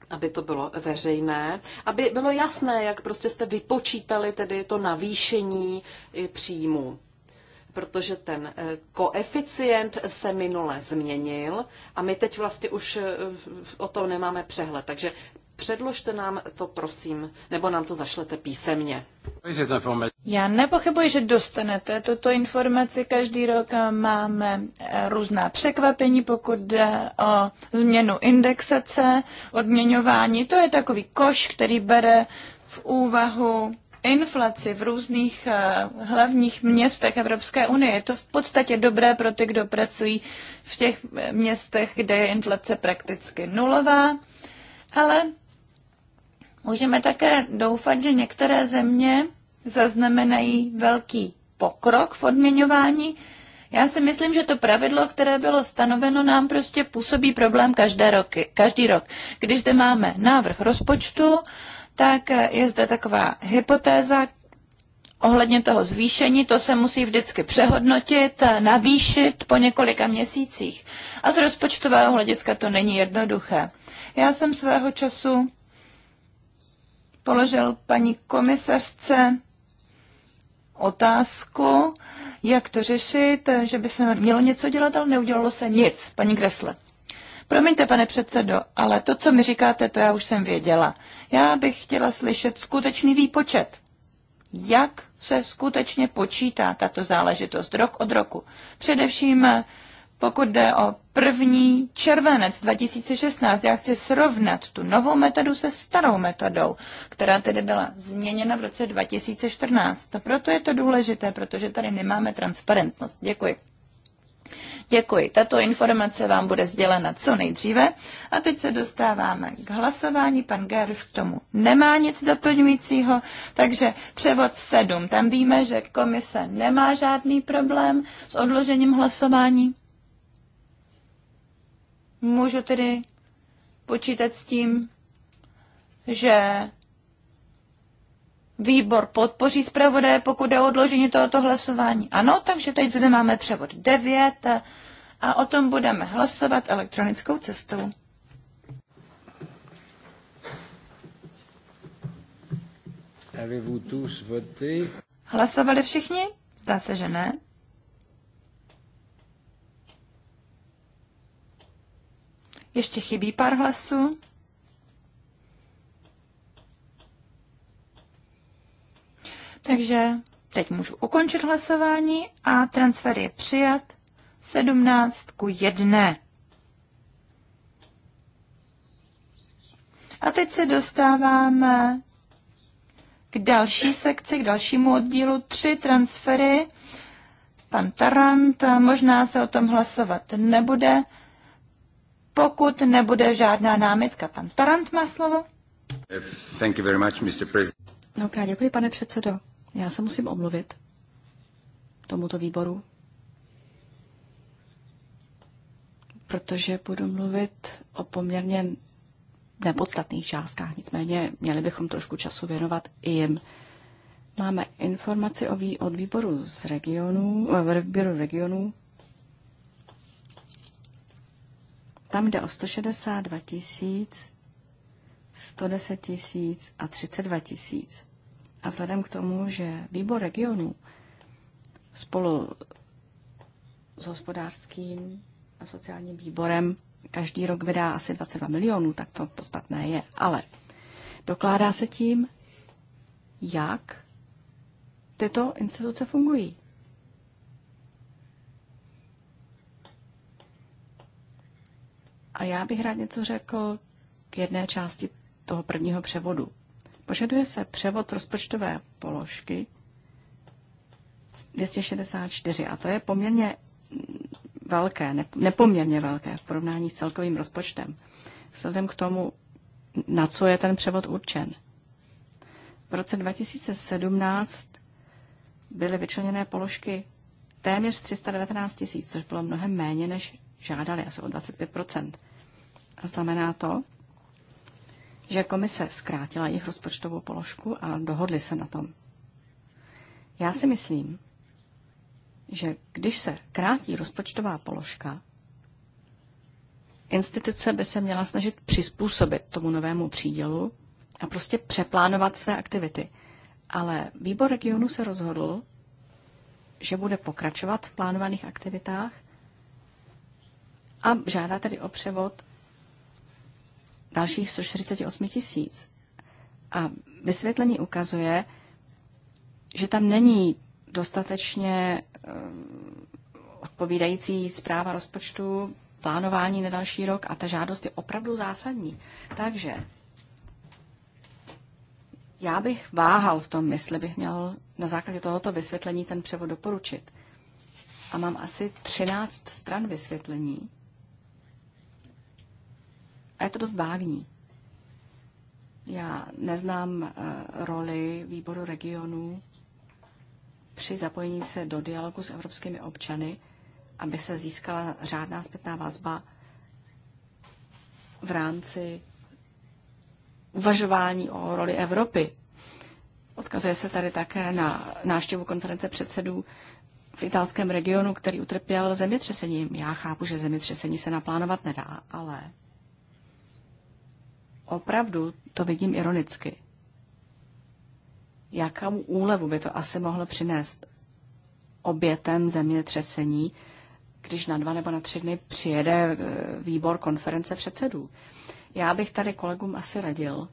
aby to bylo veřejné, aby bylo jasné, jak prostě jste vypočítali tedy to navýšení příjmu protože ten eh, koeficient se minule změnil a my teď vlastně už eh, o tom nemáme přehled. Takže Předložte nám to, prosím, nebo nám to zašlete písemně. Já nepochybuji, že dostanete tuto informaci. Každý rok máme různá překvapení, pokud jde o změnu indexace, odměňování. To je takový koš, který bere v úvahu inflaci v různých eh, hlavních městech Evropské unie. Je to v podstatě dobré pro ty, kdo pracují v těch městech, kde je inflace prakticky nulová, ale Můžeme také doufat, že některé země zaznamenají velký pokrok v odměňování. Já si myslím, že to pravidlo, které bylo stanoveno, nám prostě působí problém každé roky, každý rok. Když zde máme návrh rozpočtu, tak je zde taková hypotéza ohledně toho zvýšení, to se musí vždycky přehodnotit, navýšit po několika měsících. A z rozpočtového hlediska to není jednoduché. Já jsem svého času položil paní komisařce otázku, jak to řešit, že by se mělo něco dělat, ale neudělalo se nic, paní Gresle. Promiňte, pane předsedo, ale to, co mi říkáte, to já už jsem věděla. Já bych chtěla slyšet skutečný výpočet. Jak se skutečně počítá tato záležitost rok od roku? Především pokud jde o první červenec 2016, já chci srovnat tu novou metodu se starou metodou, která tedy byla změněna v roce 2014. A proto je to důležité, protože tady nemáme transparentnost. Děkuji. Děkuji. Tato informace vám bude sdělena co nejdříve. A teď se dostáváme k hlasování. Pan Gerš k tomu nemá nic doplňujícího, takže převod 7. Tam víme, že komise nemá žádný problém s odložením hlasování. Můžu tedy počítat s tím, že výbor podpoří zpravodaje, pokud je o odložení tohoto hlasování. Ano, takže teď zde máme převod 9 a o tom budeme hlasovat elektronickou cestou. Hlasovali všichni? Zdá se, že ne. Ještě chybí pár hlasů. Takže teď můžu ukončit hlasování a transfer je přijat 17 ku 1. A teď se dostáváme k další sekci, k dalšímu oddílu. Tři transfery. Pan Tarant možná se o tom hlasovat nebude, pokud nebude žádná námitka. Pan Tarant má slovo. Thank you very much, Mr. President. No, krát děkuji, pane předsedo. Já se musím omluvit tomuto výboru, protože budu mluvit o poměrně nepodstatných částkách. Nicméně měli bychom trošku času věnovat i jim. Máme informaci o vý, od výboru z regionů, eh, výboru regionů, Tam jde o 162 tisíc, 110 tisíc a 32 tisíc. A vzhledem k tomu, že výbor regionů spolu s hospodářským a sociálním výborem každý rok vydá asi 22 milionů, tak to podstatné je. Ale dokládá se tím, jak tyto instituce fungují. A já bych rád něco řekl k jedné části toho prvního převodu. Požaduje se převod rozpočtové položky 264 a to je poměrně velké, nepoměrně velké v porovnání s celkovým rozpočtem, vzhledem k tomu, na co je ten převod určen. V roce 2017 byly vyčleněné položky téměř 319 tisíc, což bylo mnohem méně, než žádali, asi o 25 a Znamená to, že komise zkrátila jejich rozpočtovou položku a dohodli se na tom. Já si myslím, že když se krátí rozpočtová položka, instituce by se měla snažit přizpůsobit tomu novému přídělu a prostě přeplánovat své aktivity. Ale výbor regionu se rozhodl, že bude pokračovat v plánovaných aktivitách a žádá tedy o převod dalších 148 tisíc. A vysvětlení ukazuje, že tam není dostatečně eh, odpovídající zpráva rozpočtu, plánování na další rok a ta žádost je opravdu zásadní. Takže já bych váhal v tom, jestli bych měl na základě tohoto vysvětlení ten převod doporučit. A mám asi 13 stran vysvětlení. A je to dost vágní. Já neznám eh, roli výboru regionů při zapojení se do dialogu s evropskými občany, aby se získala řádná zpětná vazba v rámci uvažování o roli Evropy. Odkazuje se tady také na návštěvu konference předsedů v italském regionu, který utrpěl zemětřesením. Já chápu, že zemětřesení se naplánovat nedá, ale Opravdu to vidím ironicky. Jakou úlevu by to asi mohlo přinést obětem zemětřesení, když na dva nebo na tři dny přijede eh, výbor konference předsedů? Já bych tady kolegům asi radil,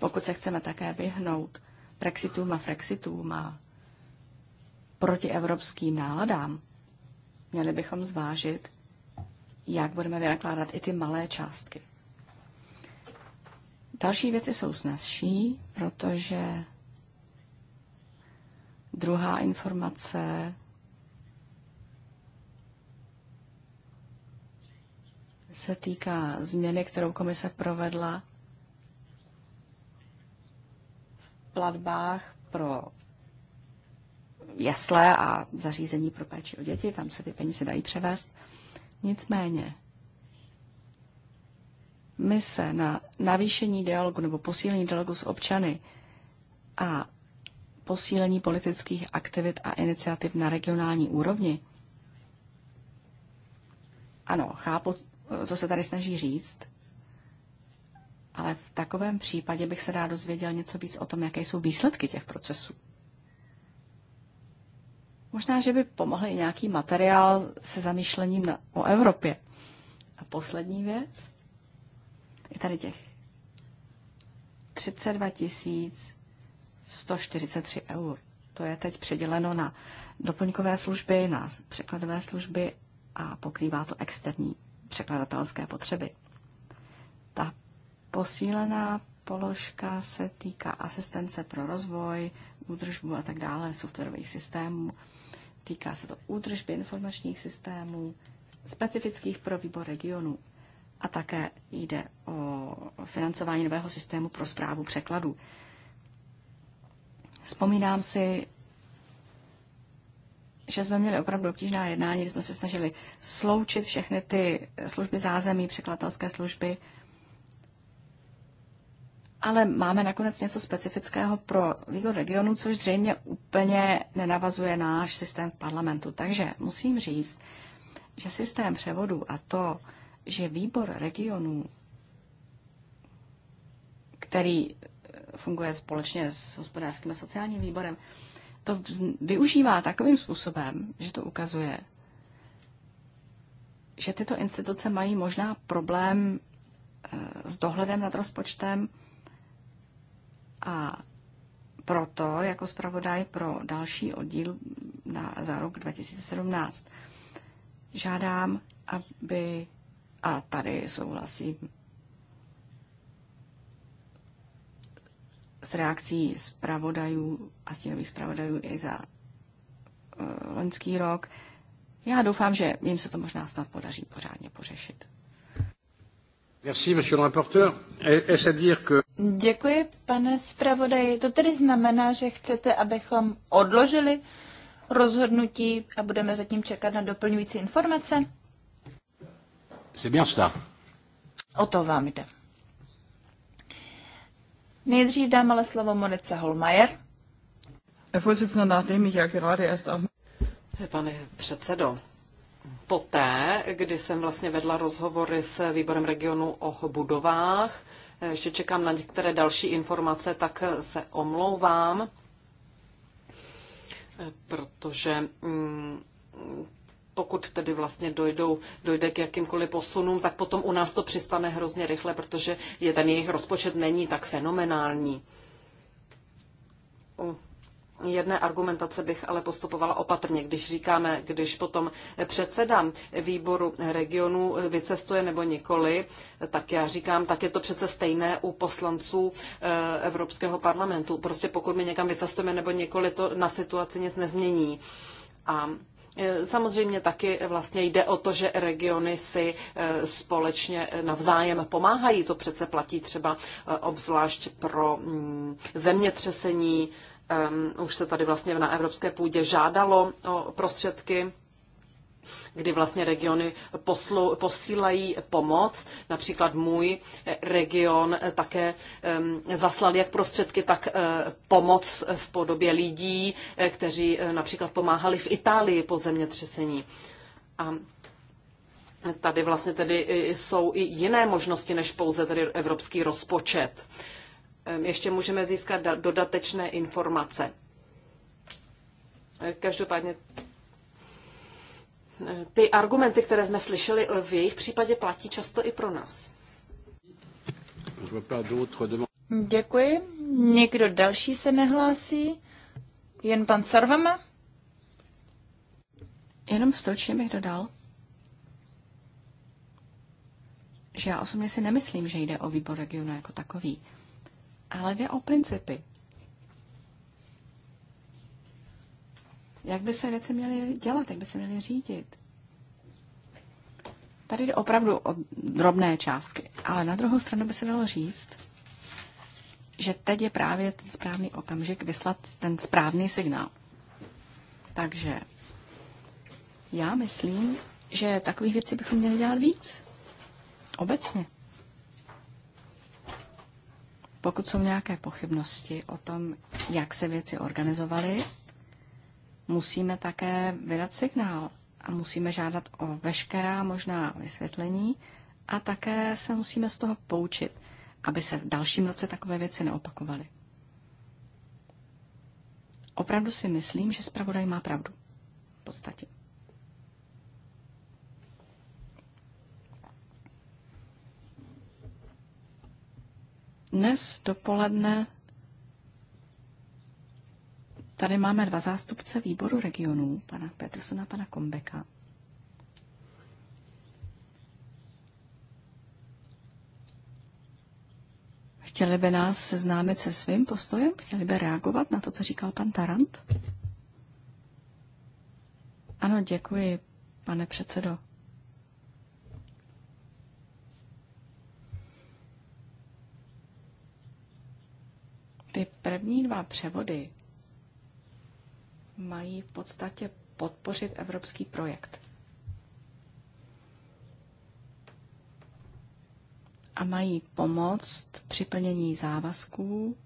pokud se chceme také vyhnout Brexitům a Frexitům a protievropským náladám, měli bychom zvážit, jak budeme vynakládat i ty malé částky. Další věci jsou snazší, protože druhá informace se týká změny, kterou komise provedla v platbách pro jesle a zařízení pro péči o děti, tam se ty peníze dají převést. Nicméně, mise na navýšení dialogu nebo posílení dialogu s občany a posílení politických aktivit a iniciativ na regionální úrovni. Ano, chápu, co se tady snaží říct, ale v takovém případě bych se rád dozvěděl něco víc o tom, jaké jsou výsledky těch procesů. Možná, že by pomohl i nějaký materiál se zamýšlením na, o Evropě. A poslední věc je tady těch 32 143 eur. To je teď předěleno na doplňkové služby, na překladové služby a pokrývá to externí překladatelské potřeby. Ta posílená položka se týká asistence pro rozvoj, údržbu a tak dále, softwarových systémů. Týká se to údržby informačních systémů, specifických pro výbor regionu a také jde o financování nového systému pro zprávu překladů. Vzpomínám si, že jsme měli opravdu obtížná jednání, kdy jsme se snažili sloučit všechny ty služby zázemí, překladatelské služby, ale máme nakonec něco specifického pro výkon regionu, což zřejmě úplně nenavazuje náš systém v parlamentu. Takže musím říct, že systém převodu a to, že výbor regionů, který eh, funguje společně s hospodářským a sociálním výborem, to využívá takovým způsobem, že to ukazuje, že tyto instituce mají možná problém eh, s dohledem nad rozpočtem a proto jako zpravodaj pro další oddíl na, za rok 2017 žádám, aby a tady souhlasím s reakcí zpravodajů a stínových zpravodajů i za uh, loňský rok. Já doufám, že jim se to možná snad podaří pořádně pořešit. Děkuji, pane zpravodaji. To tedy znamená, že chcete, abychom odložili rozhodnutí a budeme zatím čekat na doplňující informace? C'est bien cela. O to vám jde. Nejdřív dám ale slovo Monice Holmajer. Pane předsedo, poté, kdy jsem vlastně vedla rozhovory s výborem regionu o budovách, ještě čekám na některé další informace, tak se omlouvám, protože mm, pokud tedy vlastně dojdou, dojde k jakýmkoliv posunům, tak potom u nás to přistane hrozně rychle, protože je ten jejich rozpočet není tak fenomenální. U jedné argumentace bych ale postupovala opatrně, když říkáme, když potom předseda výboru regionu vycestuje nebo nikoli, tak já říkám, tak je to přece stejné u poslanců eh, Evropského parlamentu. Prostě pokud my někam vycestujeme nebo nikoli, to na situaci nic nezmění. A E, samozřejmě taky vlastně jde o to, že regiony si e, společně navzájem pomáhají. To přece platí třeba e, obzvlášť pro mm, zemětřesení. Už se tady vlastně na evropské půdě žádalo o prostředky kdy vlastně regiony poslou, posílají pomoc. Například můj region také zaslal jak prostředky, tak eh, pomoc v podobě lidí, eh, kteří eh, například pomáhali v Itálii po zemětřesení. A tady vlastně tedy jsou i jiné možnosti než pouze tedy evropský rozpočet. Ještě můžeme získat dodatečné informace. Každopádně ty argumenty, které jsme slyšeli eh, v jejich případě, platí často i pro nás. Děkuji. Někdo další se nehlásí? Jen pan Sarvama? Jenom stručně bych dodal, že já osobně si nemyslím, že jde o výbor regionu jako takový, ale jde o principy. Jak by se věci měly dělat, jak by se měly řídit? Tady jde opravdu o drobné částky, ale na druhou stranu by se dalo říct, že teď je právě ten správný okamžik vyslat ten správný signál. Takže já myslím, že takových věcí bychom měli dělat víc. Obecně. Pokud jsou nějaké pochybnosti o tom, jak se věci organizovaly musíme také vydat signál a musíme žádat o veškerá možná vysvětlení a také se musíme z toho poučit, aby se v dalším roce takové věci neopakovaly. Opravdu si myslím, že zpravodaj má pravdu. V podstatě. Dnes dopoledne Tady máme dva zástupce výboru regionů, pana Petersona a pana Kombeka. Chtěli by nás seznámit se svým postojem? Chtěli by reagovat na to, co říkal pan Tarant? Ano, děkuji, pane předsedo. Ty první dva převody mají v podstatě podpořit evropský projekt. A mají pomoct při plnění závazků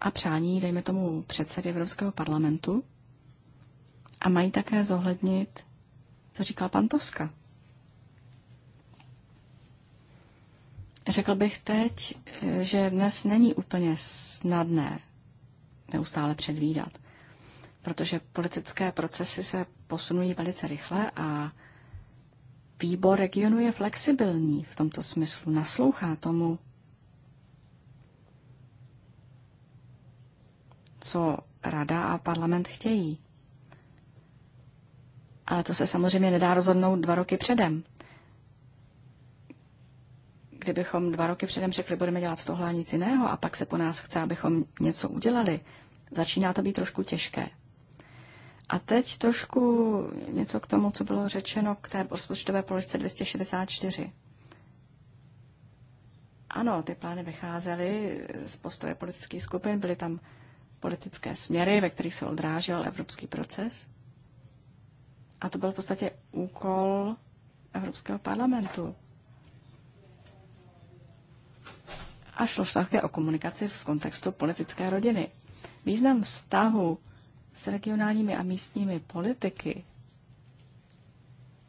a přání, dejme tomu, předsedy Evropského parlamentu. A mají také zohlednit, co říkal Pantovska, Řekl bych teď, že dnes není úplně snadné neustále předvídat, protože politické procesy se posunují velice rychle a výbor regionu je flexibilní v tomto smyslu, naslouchá tomu, co rada a parlament chtějí. Ale to se samozřejmě nedá rozhodnout dva roky předem kdybychom dva roky předem řekli, budeme dělat tohle a nic jiného, a pak se po nás chce, abychom něco udělali, začíná to být trošku těžké. A teď trošku něco k tomu, co bylo řečeno k té rozpočtové položce 264. Ano, ty plány vycházely z postoje politických skupin, byly tam politické směry, ve kterých se odrážel evropský proces. A to byl v podstatě úkol Evropského parlamentu A šlo také o komunikaci v kontextu politické rodiny. Význam vztahu s regionálními a místními politiky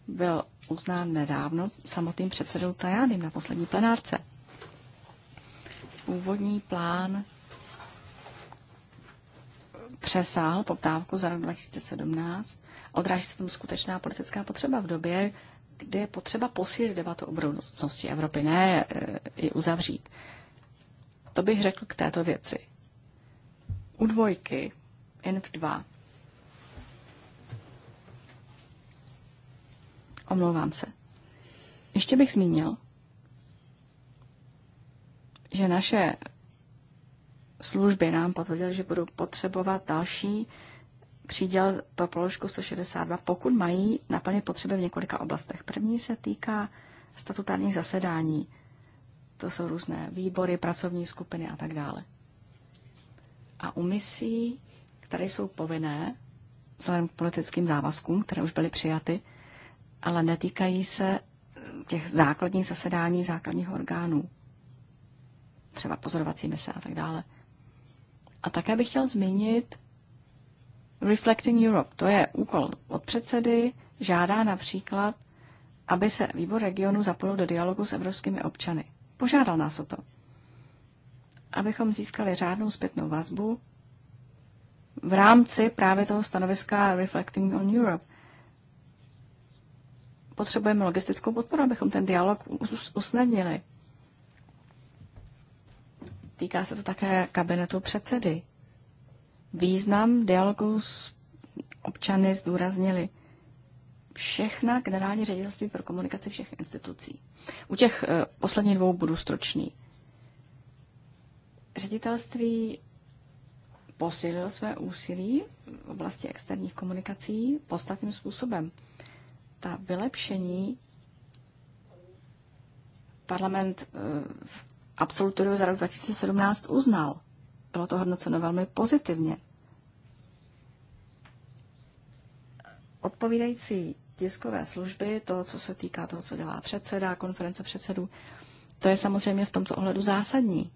byl uznán nedávno samotným předsedou Tajánem na poslední plenárce. Původní plán přesáhl poptávku za rok 2017. Odráží se tam skutečná politická potřeba v době, kdy je potřeba posílit debatu o budoucnosti Evropy, ne eh, ji uzavřít. To bych řekl k této věci. U dvojky, v 2 omlouvám se. Ještě bych zmínil, že naše služby nám potvrdily, že budou potřebovat další příděl pro položku 162, pokud mají naplně potřeby v několika oblastech. První se týká statutárních zasedání. To jsou různé výbory, pracovní skupiny a tak dále. A u misí, které jsou povinné, vzhledem k politickým závazkům, které už byly přijaty, ale netýkají se těch základních zasedání základních orgánů, třeba pozorovací mise a tak dále. A také bych chtěl zmínit Reflecting Europe. To je úkol od předsedy, žádá například, aby se výbor regionu zapojil do dialogu s evropskými občany. Požádal nás o to, abychom získali řádnou zpětnou vazbu v rámci právě toho stanoviska Reflecting on Europe. Potřebujeme logistickou podporu, abychom ten dialog usnadnili. Týká se to také kabinetu předsedy. Význam dialogu s občany zdůraznili všechna generální ředitelství pro komunikaci všech institucí. U těch eh, posledních dvou budu stručný. Ředitelství posílilo své úsilí v oblasti externích komunikací podstatným způsobem. Ta vylepšení parlament e, v absolutoriu za rok 2017 uznal. Bylo to hodnoceno velmi pozitivně. Odpovídající tiskové služby, to, co se týká toho, co dělá předseda, konference předsedů, to je samozřejmě v tomto ohledu zásadní.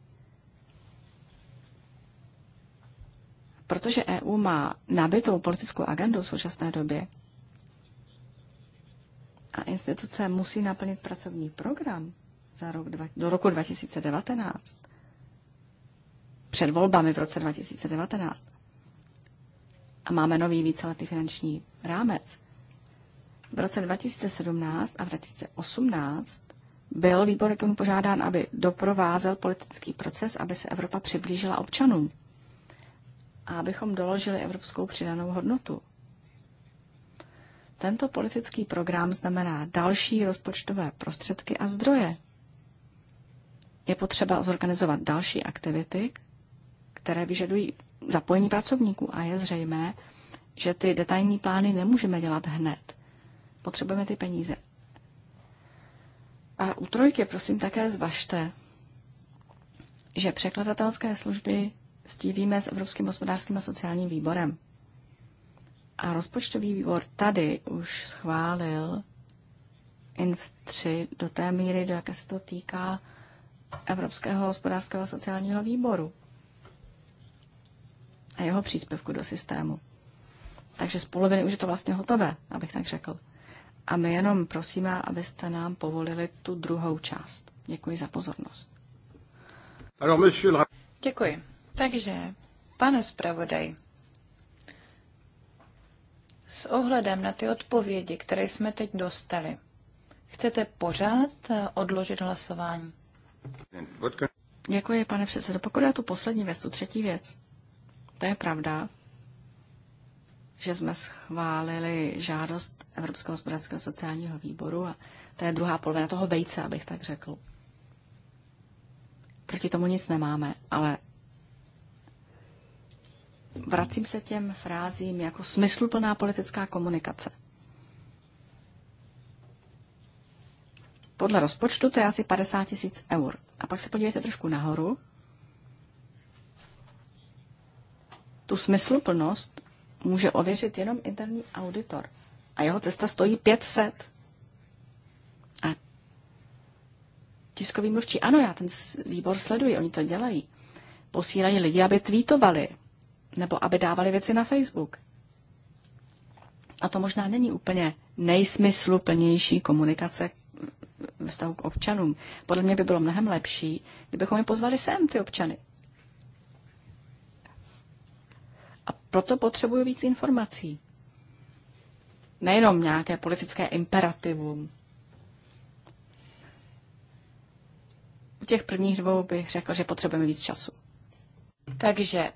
Protože EU má nabitou politickou agendu v současné době a instituce musí naplnit pracovní program za rok dva, do roku 2019, před volbami v roce 2019, a máme nový víceletý finanční rámec, v roce 2017 a v 2018 byl výbor regionu požádán, aby doprovázel politický proces, aby se Evropa přiblížila občanům a abychom doložili evropskou přidanou hodnotu. Tento politický program znamená další rozpočtové prostředky a zdroje. Je potřeba zorganizovat další aktivity, které vyžadují zapojení pracovníků a je zřejmé, že ty detailní plány nemůžeme dělat hned. Potřebujeme ty peníze. A u trojky prosím také zvažte, že překladatelské služby stílíme s Evropským hospodářským a sociálním výborem. A rozpočtový výbor tady už schválil INF 3 do té míry, do jaké se to týká Evropského hospodářského a sociálního výboru a jeho příspěvku do systému. Takže z poloviny už je to vlastně hotové, abych tak řekl. A my jenom prosíme, abyste nám povolili tu druhou část. Děkuji za pozornost. Děkuji. Takže, pane zpravodaj, s ohledem na ty odpovědi, které jsme teď dostali, chcete pořád eh, odložit hlasování? Děkuji, pane předsedo. Pokud je tu poslední věc, tu třetí věc, to je pravda, že jsme schválili žádost Evropského hospodářského sociálního výboru a to je druhá polovina toho vejce, abych tak řekl. Proti tomu nic nemáme, ale vracím se těm frázím jako smysluplná politická komunikace. Podle rozpočtu to je asi 50 tisíc eur. A pak se podívejte trošku nahoru. Tu smysluplnost může ověřit jenom interní auditor. A jeho cesta stojí 500. A tiskový mluvčí, ano, já ten výbor sleduji, oni to dělají. Posílají lidi, aby tweetovali, nebo aby dávali věci na Facebook. A to možná není úplně nejsmysluplnější komunikace ve vztahu k občanům. Podle mě by bylo mnohem lepší, kdybychom je pozvali sem, ty občany. proto potřebuju víc informací. Nejenom nějaké politické imperativum. U těch prvních dvou bych řekl, že potřebujeme víc času. Takže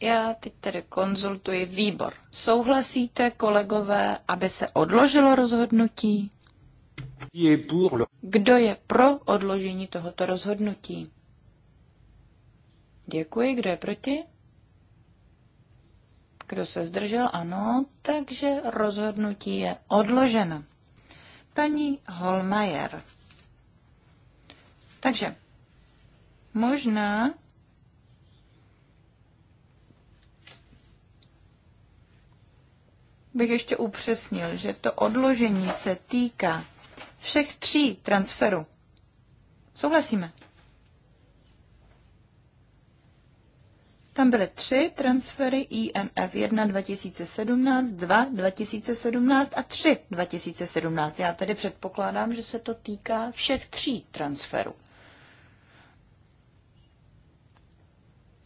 já teď tedy konzultuji výbor. Souhlasíte, kolegové, aby se odložilo rozhodnutí? Kdo je pro odložení tohoto rozhodnutí? Děkuji. Kdo je proti? Kdo se zdržel? Ano. Takže rozhodnutí je odloženo. Paní Holmajer. Takže možná bych ještě upřesnil, že to odložení se týká všech tří transferů. Souhlasíme? Tam byly tři transfery INF 1 2017, 2 2017 a 3 2017. Já tedy předpokládám, že se to týká všech tří transferů.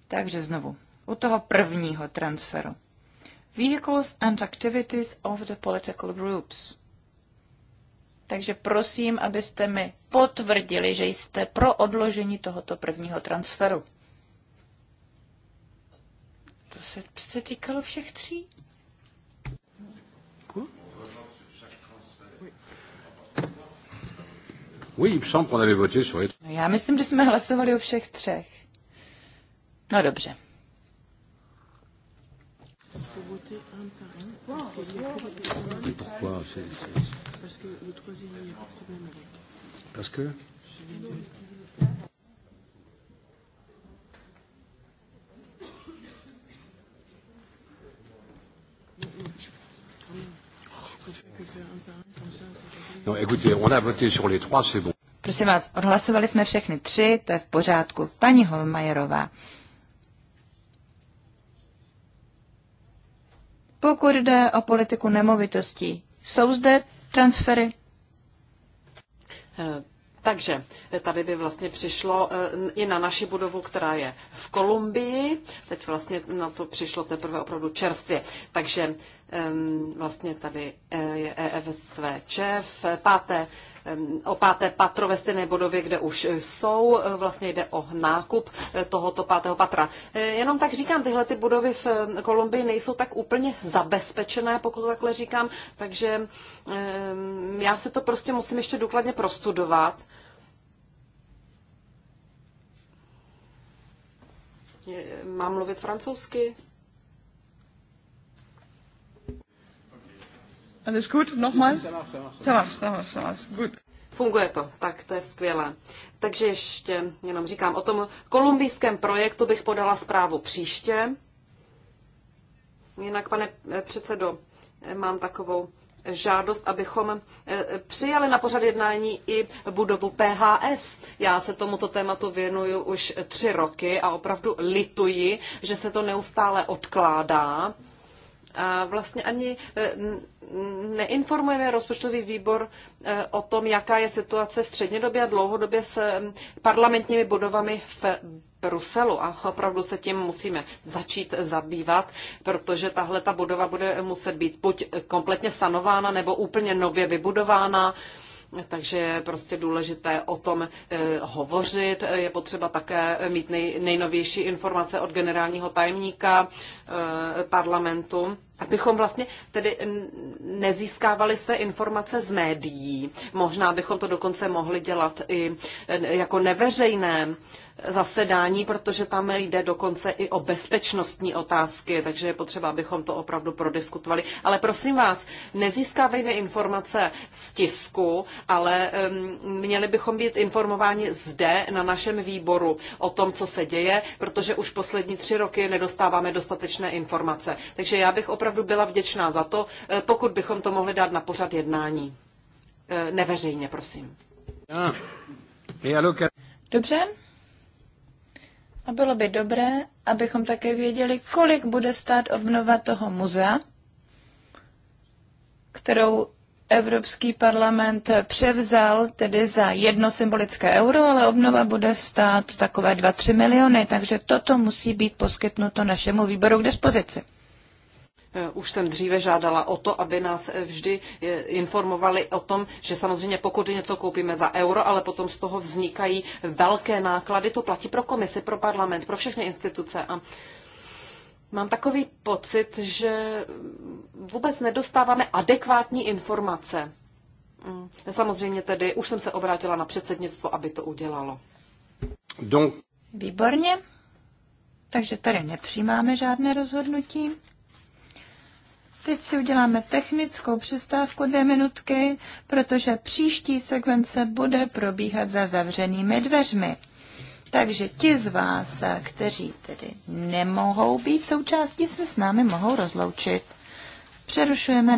Takže znovu, u toho prvního transferu. Vehicles and activities of the political groups. Takže prosím, abyste mi potvrdili, že jste pro odložení tohoto prvního transferu to se, se týkalo všech tří. no, já myslím, že jsme hlasovali o všech třech. No dobře. Parce que No, écoutez, on a voté sur les trois, c'est bon. Prosím vás, odhlasovali jsme všechny tři, to je v pořádku. Paní Holmajerová. Pokud jde o politiku nemovitostí, jsou zde transfery? Eh, takže tady by vlastně přišlo eh, i na naši budovu, která je v Kolumbii. Teď vlastně na to přišlo teprve opravdu čerstvě. Takže vlastně tady eh, je EFSV ČEF, páté, o páté patro ve stejné budově, kde už jsou. Eh, vlastně jde o nákup eh, tohoto pátého patra. Jenom tak říkám, tyhle ty budovy v Kolumbii nejsou tak úplně zabezpečené, pokud to takhle říkám, takže já se to prostě musím ještě důkladně prostudovat. Mám mluvit francouzsky? Alles gut? Nochmal? Savas, savas, savas. Gut. Funguje to, tak to je skvělé. Takže ještě jenom říkám o tom kolumbijském projektu bych podala zprávu příště. Jinak, pane eh, předsedo, eh, mám takovou žádost, abychom eh, přijali na pořad jednání i budovu PHS. Já se tomuto tématu věnuju už tři roky a opravdu lituji, že se to neustále odkládá a vlastně ani eh, neinformujeme rozpočtový výbor eh, o tom, jaká je situace střednědobě a dlouhodobě s parlamentními budovami v Bruselu a opravdu se tím musíme začít zabývat, protože tahle ta budova bude muset být buď kompletně sanována nebo úplně nově vybudována. Takže je prostě důležité o tom eh, hovořit. Je potřeba také mít nej, nejnovější informace od generálního tajemníka parlamentu abychom vlastně tedy nezískávali své informace z médií. Možná bychom to dokonce mohli dělat i jako neveřejné zasedání, protože tam jde dokonce i o bezpečnostní otázky, takže je potřeba, abychom to opravdu prodiskutovali. Ale prosím vás, nezískávejme informace z tisku, ale um, měli bychom být informováni zde na našem výboru o tom, co se děje, protože už poslední tři roky nedostáváme dostatečné informace. Takže já bych opravdu opravdu byla vděčná za to, eh, pokud bychom to mohli dát na pořad jednání. Eh, neveřejně, prosím. Dobře. A bylo by dobré, abychom také věděli, kolik bude stát obnova toho muzea, kterou Evropský parlament převzal tedy za jedno symbolické euro, ale obnova bude stát takové 2-3 miliony, takže toto musí být poskytnuto našemu výboru k dispozici. Eh, už jsem dříve žádala o to, aby nás eh, vždy eh, informovali o tom, že samozřejmě pokud něco koupíme za euro, ale potom z toho vznikají velké náklady. To platí pro komisi, pro parlament, pro všechny instituce. A Mám takový pocit, že vůbec nedostáváme adekvátní informace. Mm, samozřejmě tedy už jsem se obrátila na předsednictvo, aby to udělalo. Výborně. Takže tady nepřijímáme žádné rozhodnutí. Teď si uděláme technickou přestávku dvě minutky, protože příští sekvence bude probíhat za zavřenými dveřmi. Takže ti z vás, kteří tedy nemohou být součástí, se s námi mohou rozloučit. Přerušujeme